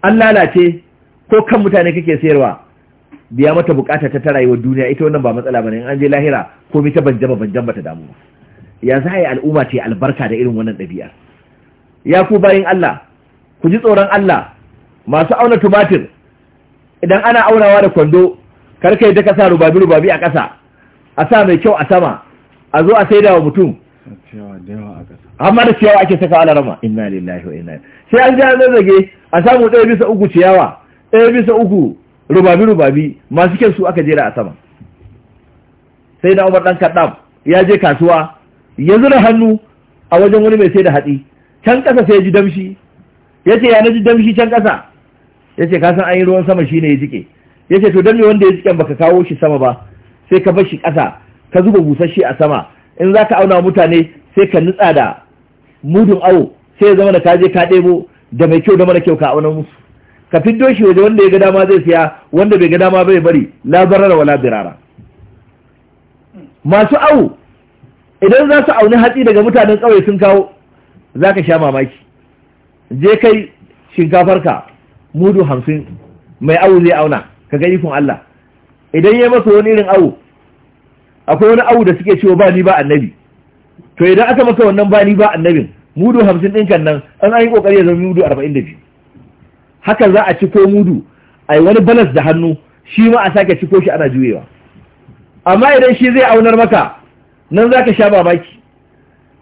an lalace ko kan mutane kake sayarwa biya mata bukata ta wa duniya ita wannan ba matsala ba in an je lahira ko mita banjama banjama ta damu yanzu yi al'umma ce albarka da irin wannan ɗabi'ar ya ku bayin Allah ku ji tsoron Allah masu auna tumatir idan ana aunawa da kwando kar kai da kasa rubabi rubabi a ƙasa a sa mai kyau a sama a zo a saida wa mutum amma da ciyawa ake saka rama. inna lillahi wa inna sai an ja zazzage a samu ɗaya bisa uku ciyawa ɗaya bisa uku rubabi rubabi masu kyan su aka jera a sama sai na umar ɗan kaɗam ya je kasuwa ya zura hannu a wajen wani mai sai da hatsi can ƙasa sai ya ji damshi ya ce ya na ji damshi can kasa ya ce kasan an yi ruwan sama shine ya jike ya ce to don me wanda ya jiƙen baka kawo shi sama ba sai ka bar shi ƙasa ka zuba busasshe a sama in za ka auna mutane sai ka nutsa da mudun awo sai ya zama da kaje je ka ɗebo da mai kyau da mara kyau ka auna musu ka fiddo shi waje wanda ya ga dama zai siya wanda bai ga dama bai bari la barara wala birara masu awo idan za su auni hatsi daga mutanen ƙauye sun kawo za ka sha mamaki je kai shinkafarka mudu hamsin mai awo zai auna ka ga ikon Allah idan ya masa wani irin awu akwai wani awu da suke cewa ba ni ba annabi to idan aka masa wannan ba ni ba annabin mudu hamsin ɗin kan nan an yi kokari ya zama mudu arba'in da biyu haka za a ciko mudu a yi wani balas da hannu shi ma a sake ciko shi ana juyewa amma idan shi zai aunar maka nan za ka sha mamaki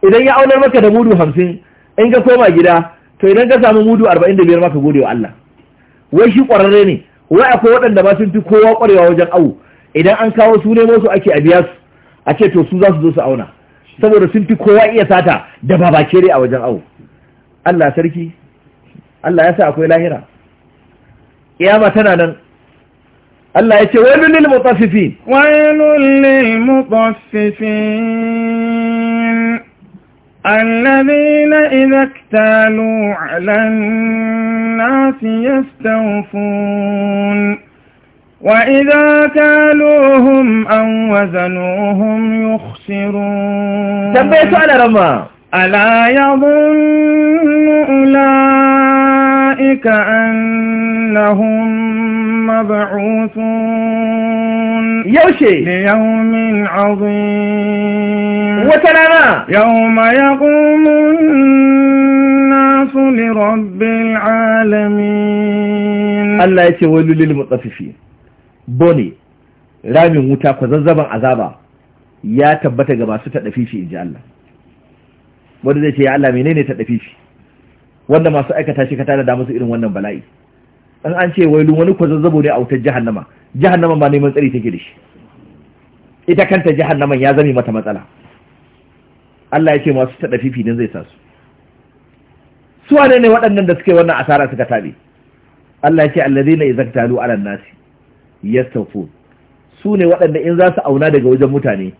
idan ya aunar maka da mudu hamsin in ka koma gida to idan ka samu mudu arba'in da biyar maka gode wa Allah wai shi ƙwararre ne wai akwai waɗanda ba sun fi kowa ƙwarewa wajen awo idan an kawo su nemo su ake a biya su a ce to su za su zo su auna saboda sun fi kowa iya sata da babakere a wajen awo Allah sarki Allah ya sa akwai lahira kiyama tana nan Allah ya ce wailul lil mutaffifin wailul lil mutaffifin الذين إذا اكتالوا على الناس يستوفون وإذا كالوهم أو وزنوهم يخسرون سبيت على رما ألا يظن أولئك أولئك أنهم مبعوثون يوشي ليوم عظيم وتنانا يوم يقوم الناس لرب العالمين الله يتولى للمطففين بني ramin wuta kwazazzaban azaba ya tabbata ga masu taɗafifi in ji Allah wanda zai ce Allah menene wanda masu aikata shi ka tada da musu irin wannan bala'i in an ce wailu wani zazzabo ne a wutar jahannama jahannama ba neman tsari take da shi ita kanta jahannaman ya zame mata matsala Allah ya ce masu tada fifi zai sa su su wane ne waɗannan da suke wannan asara suka tabe Allah ya ce allazina izaktalu ala nasi yastawfun su ne waɗanda in za su auna daga wajen mutane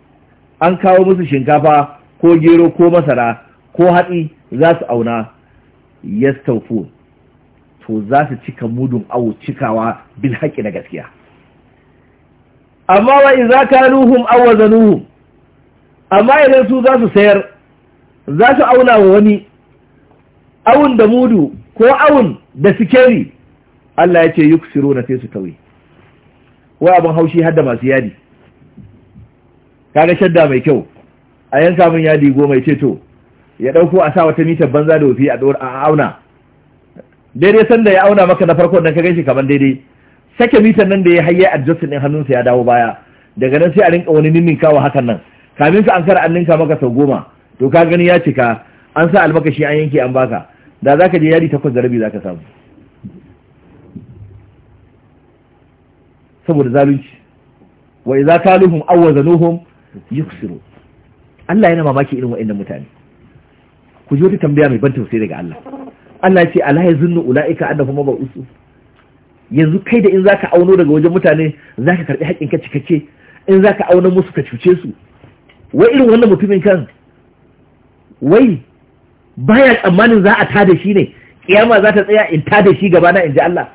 an kawo musu shinkafa ko gero ko masara ko hatsi za su auna yastawfun to za su cika mudun au cikawa bil haƙi na gaskiya amma wa idza kanuhum aw amma idan su za su sayar za su auna wa wani awun da mudu ko awun da sikeri Allah ya ce na sai su tawi wa abin haushi hadda masu yadi Ka ga shadda mai kyau a yanka min yadi goma ya ce to ya ɗauko a sa wata mitar banza da wufi a auna daidai sanda ya auna maka na farko nan ka ganshi kamar daidai sake mitar nan da ya hayya adjustin ɗin hannunsa ya dawo baya daga nan sai a rinka wani ninninkawa hakan nan kamin ka an kara an ninka maka sau goma to ka gani ya cika an sa almakashi an yanke an baka da za ka je yari takwas da rabi za ka samu saboda zalunci wa idza kaluhum aw yuksiru Allah yana mamaki irin wa'annan mutane ku ji wata tambaya mai ban tausayi daga Allah Allah ce ala zunnu ulaika annahum mabusu yanzu kai da in zaka auno daga wajen mutane zaka karbi haƙƙin ka cikakke in zaka auna musu ka cuce su wai irin wannan mutumin kan wai baya tsammanin za a da shi ne kiyama za ta tsaya in tada shi gaba na in ji Allah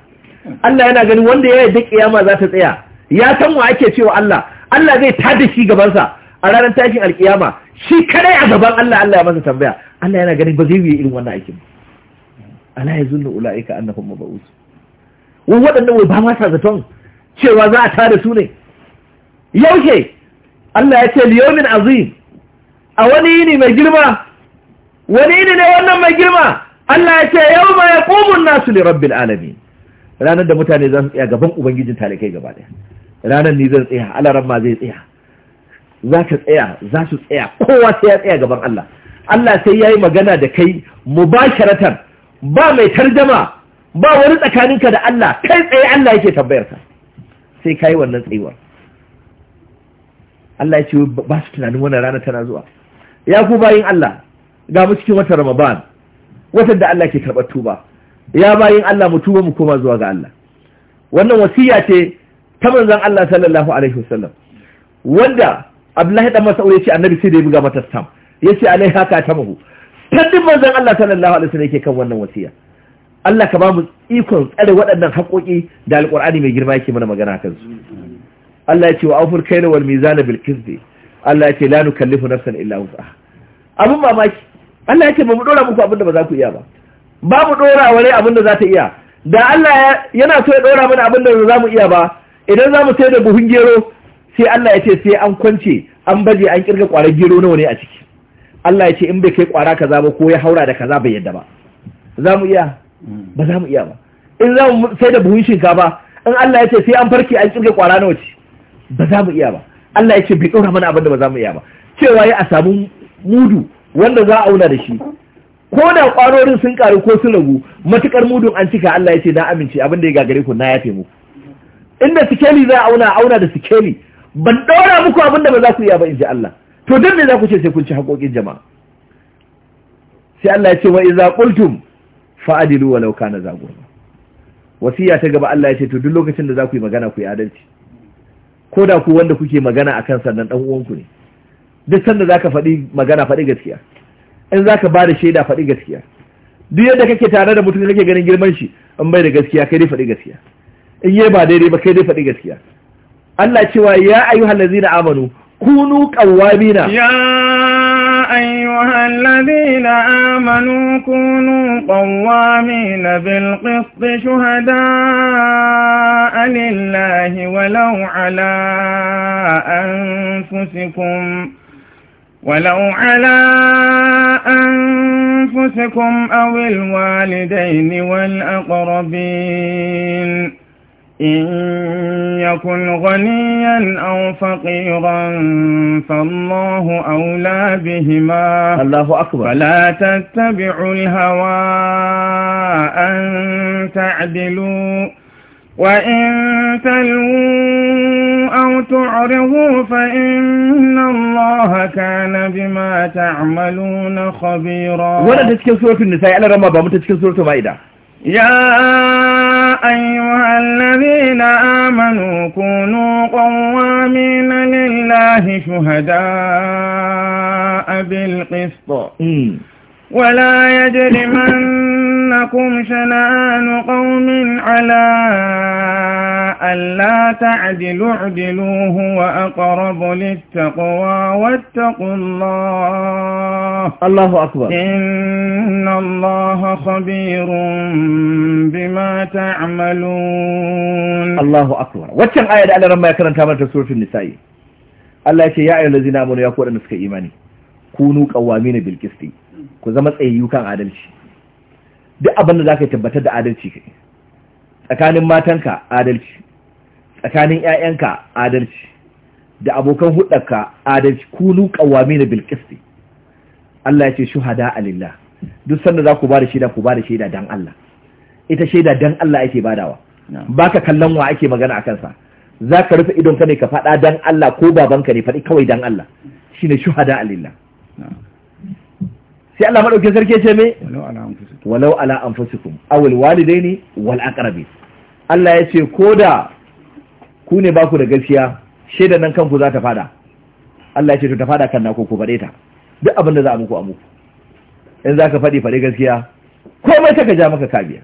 Allah yana ganin wanda ya yarda kiyama za ta tsaya ya san wa ake cewa Allah Allah zai tada shi gabansa a ranar tashin alkiyama shi kadai a gaban Allah Allah ya masa tambaya Allah yana ganin ba zai yi irin wannan aikin ala yazunnu ulaika annahum mab'us wa wadannan wai ba ma sa zaton cewa za a tare su ne yaushe Allah ya ce liyomin azim a wani yini mai girma wani yini ne wannan mai girma Allah ya ce yau ma ya ƙomun nasu ne rabbin alami ranar da mutane za su tsaya gaban ubangijin talakai gaba ɗaya ranar ni zan tsaya alaran ma zai tsaya za ka tsaya za su tsaya kowa sai ya tsaya gaban Allah Allah sai ya yi magana da kai mubasharatan ba mai tarjama ba wani tsakaninka da Allah kai tsaye Allah yake ka. sai ka yi wannan tsayuwar Allah ya ce ba su tunanin wannan rana tana zuwa ya ku bayin Allah ga mu cikin watan Ramadan watan da Allah ke karɓar tuba ya bayin Allah mu tuba mu koma zuwa ga Allah wannan wasiya ce ta manzon Allah sallallahu alaihi wasallam wanda abdullahi dan mas'ud ce annabi sai da ya buga mata Ya ce alai haka ta mahu tabbin manzon Allah sallallahu alaihi wasallam yake kan wannan wasiya Allah ka ba mu ikon tsare waɗannan haƙoƙi da alƙur'ani mai girma yake mana magana kan su Allah ya ce wa aufur kaina wal mizana bil qisdi Allah ya ce la nukallifu nafsan illa wus'aha abun mamaki Allah ya ce ba mu dora muku abin da ba za ku iya ba ba mu dora wa abin da za ta iya da Allah yana so ya dora mana abin da za mu iya ba idan za mu sai da buhun gero sai Allah ya ce sai an kwance an baje an kirga kwarar gero nawa ne a ciki Allah ya ce in bai kai kwara kaza ba ko ya haura da kaza bai yadda ba za mu iya ba za mu iya ba in za mu sai da buhun shinkafa in Allah ya ce sai an farke an kirga kwara nawa ce ba za mu iya ba Allah ya ce bai dora mana abin da ba za mu iya ba cewa ya a samu mudu wanda za a auna da shi ko da kwarorin sun karu ko sun ragu matukar mudun an cika Allah ya ce na amince abin da ya gagare ku na yafe mu inda sikeli za a auna auna da sikeli ban ɗora muku abin da ba za ku yi ba in ji Allah to dan da za ku ce sai kun ci haƙoƙin jama'a sai Allah ya ce wa idza qultum fa'adilu walau kana za gurba wasiya ta gaba Allah ya ce to duk lokacin da za ku yi magana ku yi adalci ko da ku wanda kuke magana akan sannan dan uwan ku ne duk sanda zaka faɗi magana faɗi gaskiya in zaka ba da shaida faɗi gaskiya duk yadda kake tare da mutum kake ganin girman shi in bai da gaskiya kai dai faɗi gaskiya in yai ba daidai ba kai dai faɗi gaskiya Allah cewa ya ayyuhal ladzina amanu kunu qawamina ya أيها الذين آمنوا كونوا قوامين بالقسط شهداء لله ولو على أنفسكم ولو على أنفسكم أو الوالدين والأقربين إن يكن غنيا أو فقيرا فالله أولى بهما الله أكبر فلا تتبعوا الهوى أن تعدلوا وإن تلووا أو تعرضوا فإن الله كان بما تعملون خبيرا ولا تتكلم سورة النساء على رمضان تذكر سورة مائدة يا أيها الذين آمنوا كونوا قوامين لله شهداء بالقسط ولا يجرمن يجرمنكم شنآن قوم على ألا تعدلوا اعدلوا هو أقرب للتقوى واتقوا الله الله أكبر إن الله خبير بما تعملون الله أكبر واتشان آية على رمى يكرن تامل سورة النساء الله يا أيها الذين آمنوا يا قوة أنسك إيماني كونوا قوامين بالكسر ku zama tsayayyu kan adalci duk abin da za ka tabbatar da adalci kai tsakanin matanka adalci tsakanin 'ya'yanka adalci da abokan hudarka adalci kunu kawami na bilkisti Allah ya ce shuhada alillah duk sanda za ku ba da shaida ku ba da shaida dan Allah ita shaida dan Allah ake badawa baka kallon wa ake magana a kansa za ka rufe idonka ne ka faɗa dan Allah ko babanka ne faɗi kawai dan Allah shine shuhada alillah sai Allah madaukin sarki ya ce me walau ala anfusikum awil walidaini wal aqrabi Allah ya ce koda ku ne ba ku da gaskiya shaidan nan kanku za ta fada Allah ya ce to ta fada kan naku ku fade ta duk abin da za a muku a muku in za ka faɗi faɗi gaskiya komai ta ka ja maka kabiya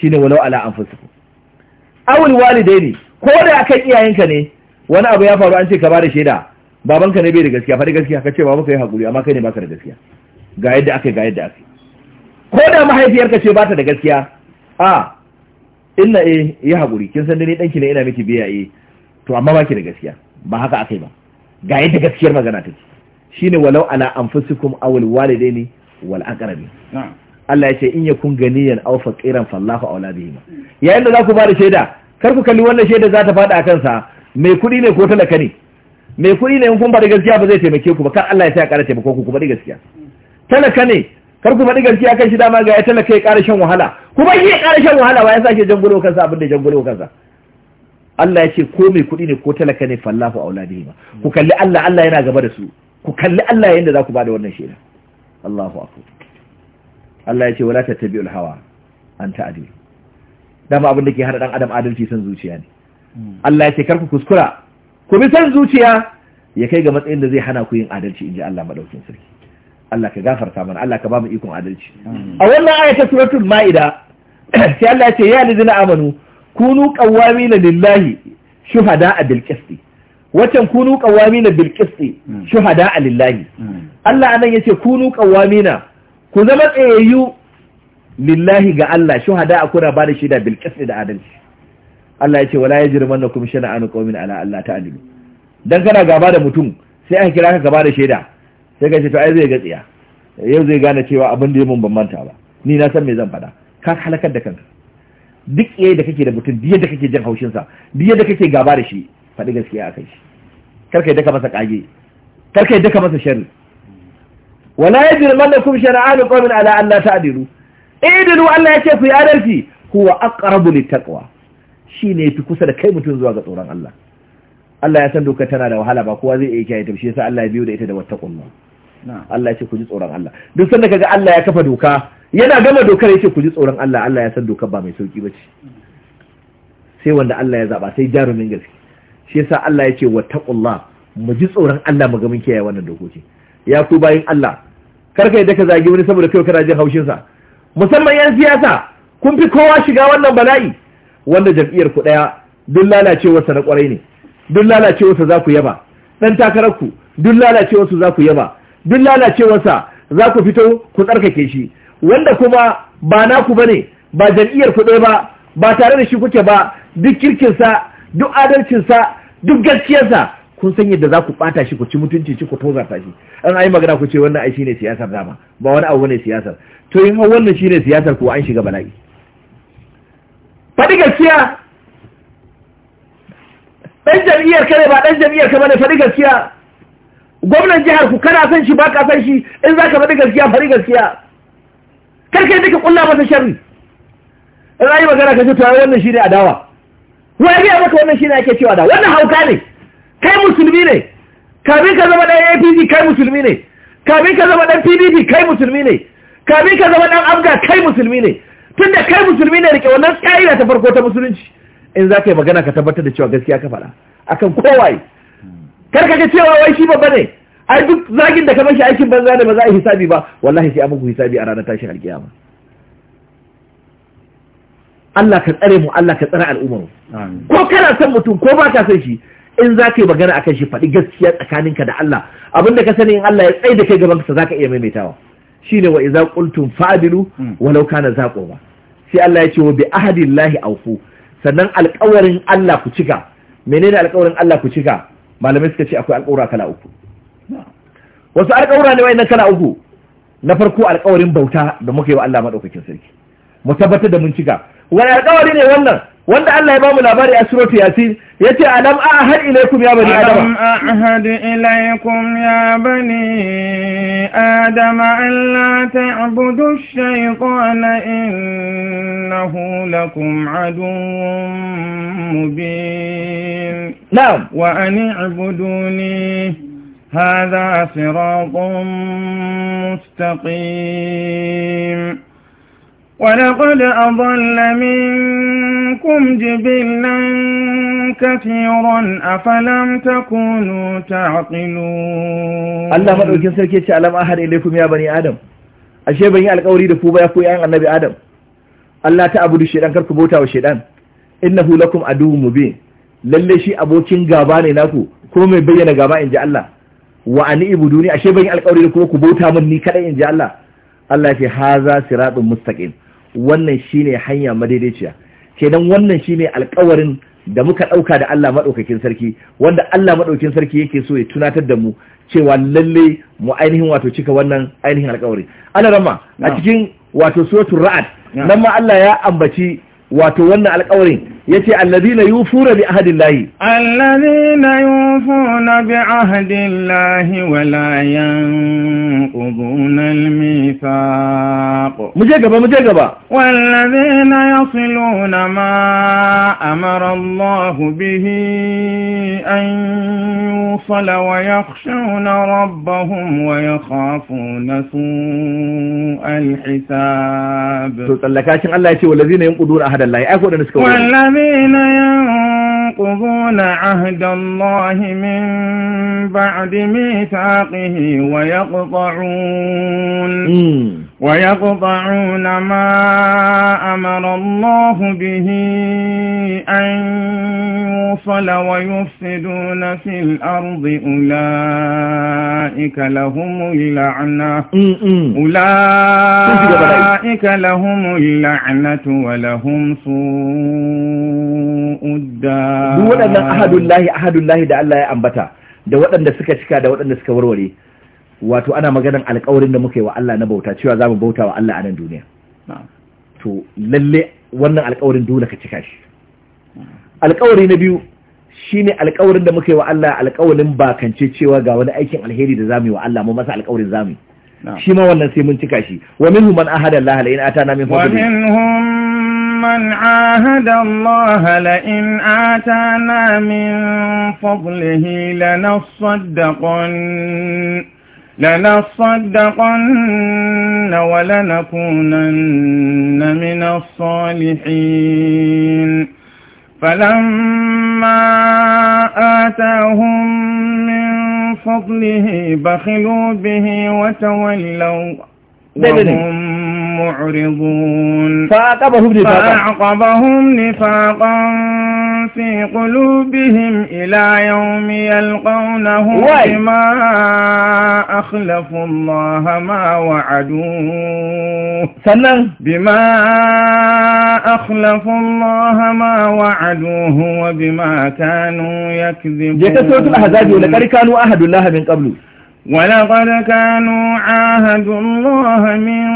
shine walau ala anfusikum awul walidaini ko da akan iyayenka ne wani abu ya faru an ce ka bada shaida babanka ne bai da gaskiya faɗi gaskiya ka ce babanka ya hakuri amma kai ne baka da gaskiya ga yadda aka ga yadda aka ko da mahaifiyarka ce bata da gaskiya a inna eh ya haƙuri kin san dai ɗanki ne ina miki biya eh to amma baki da gaskiya ba haka akai ba ga yadda gaskiyar magana ta take shine walau ala anfusikum awal walidaini wal aqrabi Allah ya ce in yakun ganiyan aw faqiran fallahu aula yayin da za ku ba da shaida kar ku kalli wannan shaida za ta faɗa a kansa mai kuɗi ne ko talaka ne mai kuɗi ne in kun ba da gaskiya ba zai taimake ku ba kar Allah ya sa ya ƙara taimako ku ku ba da gaskiya talaka ne kar ku digarci ya kai shi dama ga ya talaka ya ƙara shan wahala kuma shi ya ƙara shan wahala ba ya sa shi jangulo kansa abin da jangulo kansa Allah ya ce ko mai kuɗi ne ko talaka ne fallahu ma ku kalli Allah Allah yana gaba da su ku kalli Allah yayin da za ku bada wannan shaida Allahu akbar Allah ya ce wala tattabi'ul hawa an ta'adi. dama abin da ke hada dan adam adalci san zuciya ne Allah ya ce kar ku kuskura ku bi san zuciya ya kai ga matsayin da zai hana ku yin adalci inji Allah madaukin sarki Allah ka gafarta mana Allah ka ba mu ikon adalci a wannan ayata suratul ma'ida [CLEARS THROAT] sai Allah ya ce ya lizina amanu kunu qawwamina lillahi shuhada bil qisti wacan kunu qawwamina bil qisti hmm. shuhada lillahi hmm. Allah anan yace kunu qawwamina ku zama tsayayyu lillahi ga Allah shuhada kuna bada da shida bil qisti da adalci Allah yace wala yajrimannakum shana'anu qawmin ala Allah ta'dilu dan kana gaba da mutum sai aka kira ka gaba da shaida sai ka ce to ai zai ga tsiya yau zai gane cewa abin da ya mun bambanta ba ni na san me zan faɗa ka halakar da kanka duk yayi da kake da mutum biyar da kake jin haushin sa biyar da kake gaba da shi faɗi gaskiya kai shi kar yi daka masa kage kar yi daka masa sharri wala yajrimannakum shara'an qawmin ala an la ta'dilu idilu Allah ya ce ku yi adalci huwa aqrabu taqwa shine fi kusa da kai mutum zuwa ga tsoron Allah Allah ya san dokar tana da wahala ba kowa zai iya kiyaye ta shi yasa Allah ya biyo da ita da kunna Allah ya ce ku ji tsoron Allah duk sanda kaga Allah ya kafa doka yana gama dokar ya ce ku ji tsoron Allah Allah ya san dokar ba mai sauki ba ce sai wanda Allah ya zaba sai jarumin gaske shi yasa Allah ya ce wattaqullah mu ji tsoron Allah mu ga mun kiyaye wannan dokoki ya ku bayin Allah kar ka yadda ka zagi wani saboda kai kana jin haushin sa musamman yan siyasa kun fi kowa shiga wannan bala'i wanda jam'iyyar ku daya duk lalacewar sa na kwarai ne duk lalacewarsa za ku yaba ɗan takararku duk lalacewarsa za ku yaba duk lalacewarsa za ku fito ku tsarkake shi wanda kuma ba naku ba ne ba jam'iyyar ku ɗaya ba ba tare da shi kuke ba duk kirkinsa duk adalcinsa duk gaskiyarsa kun san yadda za ku ɓata shi ku ci mutunci ci ku tozarta shi an ai magana ku ce wannan ai shine siyasar dama ba wani abu ne siyasar to in hau wannan shine siyasar ku an shiga bala'i faɗi gaskiya ɗan jam'iyyar ka ne ba ɗan jam'iyyar ka ne fari gaskiya gwamnan jihar ku kana san shi ba ka san shi in za ka faɗi gaskiya fari gaskiya kar kai duka ƙulla masa sharri in ayi magana ka ce to wannan shine adawa wai ya maka wannan shine ake cewa da wannan hauka ne kai musulmi ne kafin ka zama ɗan APC kai musulmi ne kafin ka zama ɗan PDP kai musulmi ne kafin ka zama ɗan Abga kai musulmi ne tunda kai musulmi ne rike wannan tsari ta farko ta musulunci in za ka yi magana ka tabbatar da cewa gaskiya ka faɗa akan kowaye kar ka ga cewa wai shi babba ne ai duk zagin da ka mashi aikin banza da ba za a hisabi ba wallahi sai a muku hisabi a ranar tashin alkiyama Allah ka tsare mu Allah ka tsare al'ummar ko kana son mutum ko ba ka son shi in za ka yi magana akan shi faɗi gaskiya tsakaninka da Allah abinda ka sani in Allah ya tsaye da kai gaban ka za ka iya maimaitawa shine wa idza qultum fa'dilu hmm. walau kana ba. sai Allah ya ce wa bi ahadillahi awfu sannan alƙawarin Allah ku cika menene alƙawarin Allah ku cika malamai suka ce akwai alƙawura kala uku wasu alƙawura ne wayannan kala uku na farko alƙawarin bauta da muka yi wa Allah madaukakin sarki mu tabbatar da mun cika wani alƙawari ne wannan wanda Allah ya bamu labari a suratu yasin yace alam ahad ilaykum ya bani adama alam ahad ilaykum ya bani adama alla ta'budu ash-shaytana innahu lakum aduwwun mubin na'am wa an i'buduni هذا صراط مستقيم ولقد أضل منكم جبلا كثيرا أفلم ci تعقلون الله ما أقول كنسر كيتش ألم أحد إليكم يا بني آدم أشياء بني القوري دفوبا يفوي عن النبي آدم Allah ta abu da kar ku bauta wa shedan innahu lakum aduwwun bi. lalle shi abokin gaba ne naku ko mai bayyana gaba In ji Allah wa an ibuduni ashe ban alƙawari da kuma ku bauta min ni In ji Allah Allah ya ce haza siratun mustaqim wannan shine hanya madaidaiciya kenan wannan shine alkawarin da muka ɗauka da Allah maɗaukakin sarki wanda Allah maɗaukakin sarki yake so ya tunatar da mu cewa lalle mu ainihin wato cika wannan ainihin alkawari ana rama a cikin wato suratul ra'ad nan ma Allah ya ambaci wato wannan alkawarin yace alladhina yufuna bi ahdillahi alladhina yufuna bi ahdillahi wa la yanquduna almithaq muje gaba muje gaba walladhina yasiluna ma amara Allah bihi an fala wa yakhshawna rabahun wa yakhafuna su'al hisab to tsallakacin Allah yace walladhina yanquduna ahdillahi ai ko da suka الذين ينقضون عهد الله من بعد ميثاقه ويقطعون ويقطعون ما أمر الله به أن يوصل ويفسدون في الأرض أولئك لهم اللعنة أولئك لهم اللعنة ولهم سوء الدار دولنا أحد الله أحد الله دعا الله يا أنبتا da waɗanda suka cika da waɗanda suka warware wato ana maganan alkawarin da muka yi wa Allah na bauta cewa za mu bauta wa Allah a nan duniya to lalle wannan alkawarin dole ka cika shi alkawari na biyu shine alkawarin da muka yi wa Allah alkawarin bakance cewa ga wani aikin alheri da za mu yi wa Allah mu masa alkawarin mu yi shi ma wannan sai mun cika shi wa minhum man ahada Allah la in atana min fadlihi wa minhum man ahada Allah la in atana min fadlihi lanasaddaqan لنصدقن ولنكونن من الصالحين فلما آتاهم من فضله بخلوا به وتولوا وهم معرضون فأعقبهم نفاقا في قلوبهم إلى يوم يلقونه بما أخلفوا الله ما وعدوه سنن بما أخلفوا الله ما وعدوه وبما كانوا يكذبون جئت سورة الأحزاب ولقد كانوا أحد الله من قبل ولقد كانوا عاهدوا الله من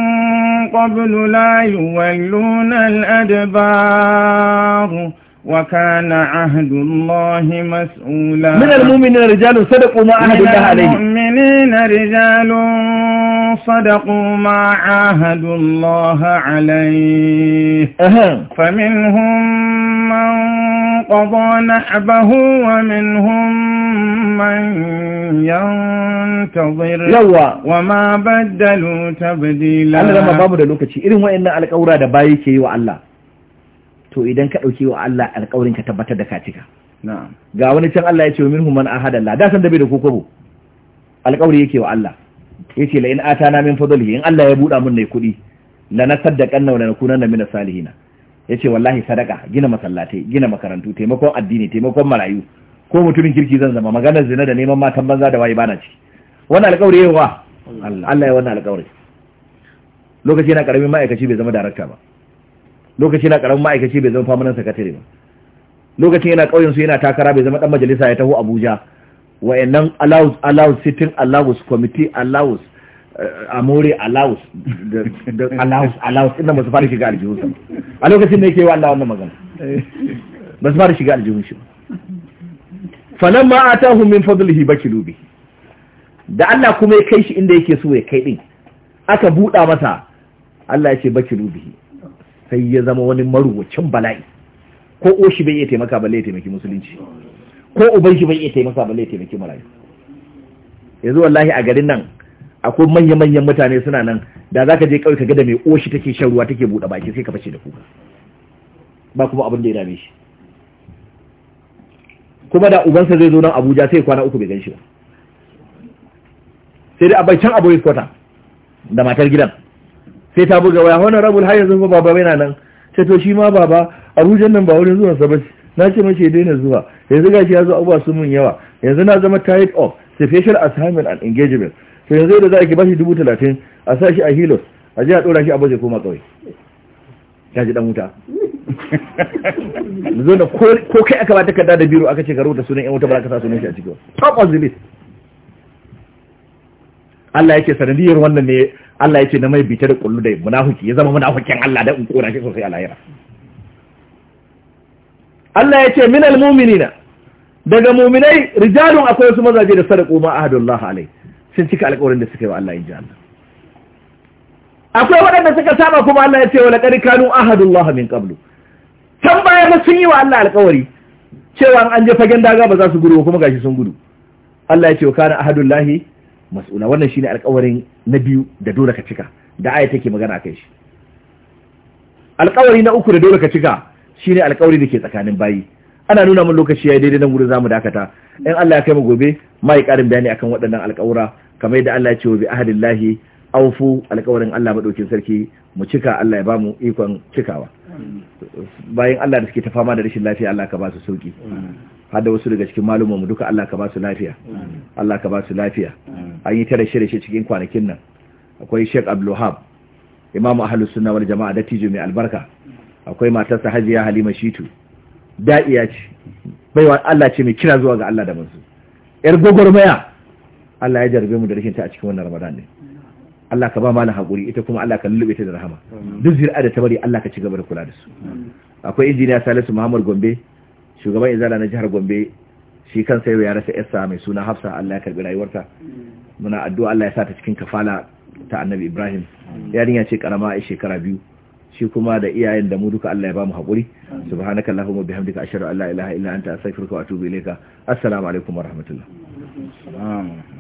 قبل لا يولون الأدبار وكان عهد الله مسؤولا من المؤمنين رجال صدقوا ما عهد الله عليه من المؤمنين رجال صدقوا ما عاهدوا الله عليه أه. فمنهم من قضى نحبه ومنهم من ينتظر يوا وما بدلوا تبديلا أنا لما بابو da lokaci irin wa'annan alƙawura da bayi ke yi wa Allah to idan ka ɗauki wa Allah alƙawarin ka tabbatar da ka cika ga wani can Allah ya ce min human ahada Allah da san da bai da kokobo alƙawari yake wa Allah Ya ce la in na min fadlihi in Allah ya buɗa mun ne kuɗi la nasaddaqan wa la nakunanna min salihin ce wallahi sadaka gina masallatai gina makarantu taimakon addini taimakon marayu ko mutumin kirki zan zama maganar zina da neman matan banza da waye bana ci wannan alƙawari yi wa Allah ya wannan alƙawari lokaci yana karamin ma'aikaci bai zama darakta ba lokacin yana karamin ma'aikaci bai zama famanin sakatare ba lokacin yana ƙauyen su yana takara bai zama dan majalisa ya taho Abuja wayannan allows allows sitting allows committee allows eh, amore allows da allows allows inda ba su fara shiga aljihun sa a lokacin da yake wa Allah wannan magana ba su fara shiga aljihun shi fa ma atahu min fadlihi bakilubi da Allah kuma ya kai shi inda yake so ya kai din aka buɗa masa Allah ya ce baki rubihi sai ya zama wani maruwacin bala'i ko oshi bai iya taimaka balle ya taimaki musulunci ko uban shi bai iya taimaka balle ya taimaki marayu yanzu wallahi a garin nan akwai manya-manyan mutane suna nan da za ka je kawai ka ga da mai oshi take shan ruwa take buɗe baki sai ka fashe da kuka ba kuma abin da ya dame shi kuma da ubansa zai zo nan abuja sai kwana uku bai gan shi ba sai dai a bai can aboyin kwata da matar gidan sai ta buga waya wani rabu har yanzu baba yana nan ta to shi ma baba Abuja nan ba wurin zuwa sa na ce mace daina zuwa yanzu shi ya zo abuwa sun mun yawa yanzu na zama tired of special assignment and engagement to yanzu da za a ki bashi dubu talatin a sa shi a hilos a ji a ɗora shi a baje koma ƙauye. ya ji ɗan wuta [LAUGHS] zo da ko kai aka ba takarda da biro aka ce ka rubuta sunan yan wuta ba za ka sa sunan shi a cikin top of the list Allah yake sanadiyar wannan ne Allah ya ce na mai bita da kullu da munafiki ya zama munafikin Allah da in kora shi sosai a lahira Allah ya ce minal mu'minina daga mu'minai rijalun akwai wasu mazaje da sadaqu ma ahadullah alai sun cika alƙawarin da suka yi wa Allah inji Allah akwai waɗanda suka saba kuma Allah ya ce wa qad kanu ahadullah min qablu can baya ba sun yi wa Allah alƙawari cewa an je fagen daga ba za su gudu kuma gashi sun gudu Allah ya ce wa kana ahadullahi mas'ula wannan shine alƙawarin na biyu da dole ka cika da aya take magana kai shi alƙawari na uku da dole ka cika shine alƙawari da ke tsakanin bayi ana nuna mun lokaci yayi daidai nan gurin zamu dakata in Allah ya kai mu gobe mai karin bayani akan waɗannan alƙawura kamar yadda Allah ya ce wa bi ahadillahi awfu alƙawarin Allah madaukin sarki mu cika Allah ya bamu ikon cikawa bayan Allah da suke ta fama da rashin lafiya Allah ka ba su sauki har da wasu daga cikin malumanmu duka Allah ka ba su lafiya Allah ka ba su lafiya an yi tare shirye cikin kwanakin nan akwai Sheikh Wahab Imam Ahlus Sunnah wal Jama'a da Tijo mai albarka akwai matarsa Hajiya Halima Shitu da'iya ce baiwa Allah ce mai kira zuwa ga Allah da manzo yar gogormaya Allah ya jarbe mu da rikin ta a cikin wannan Ramadan ne Allah ka ba mana hakuri, ita kuma Allah ka lullube ta da rahama duk zuri'a da ta bari Allah ka ci gaba da kula da su akwai injiniya Salisu Muhammad Gombe shugaban izala na jihar gombe shi kan yau ya rasa yarsa mai suna hafsa allah ya karbi rayuwarta muna addu'a allah ya sa ta cikin kafala ta annabi ibrahim yarinya ce karama a shekara biyu shi kuma da iyayen da mu duka allah ya ba mu haƙuri subhanaka allahumma bihamdika ashhadu an la ilaha illa anta astaghfiruka wa atubu ilayka assalamu alaikum wa rahmatullah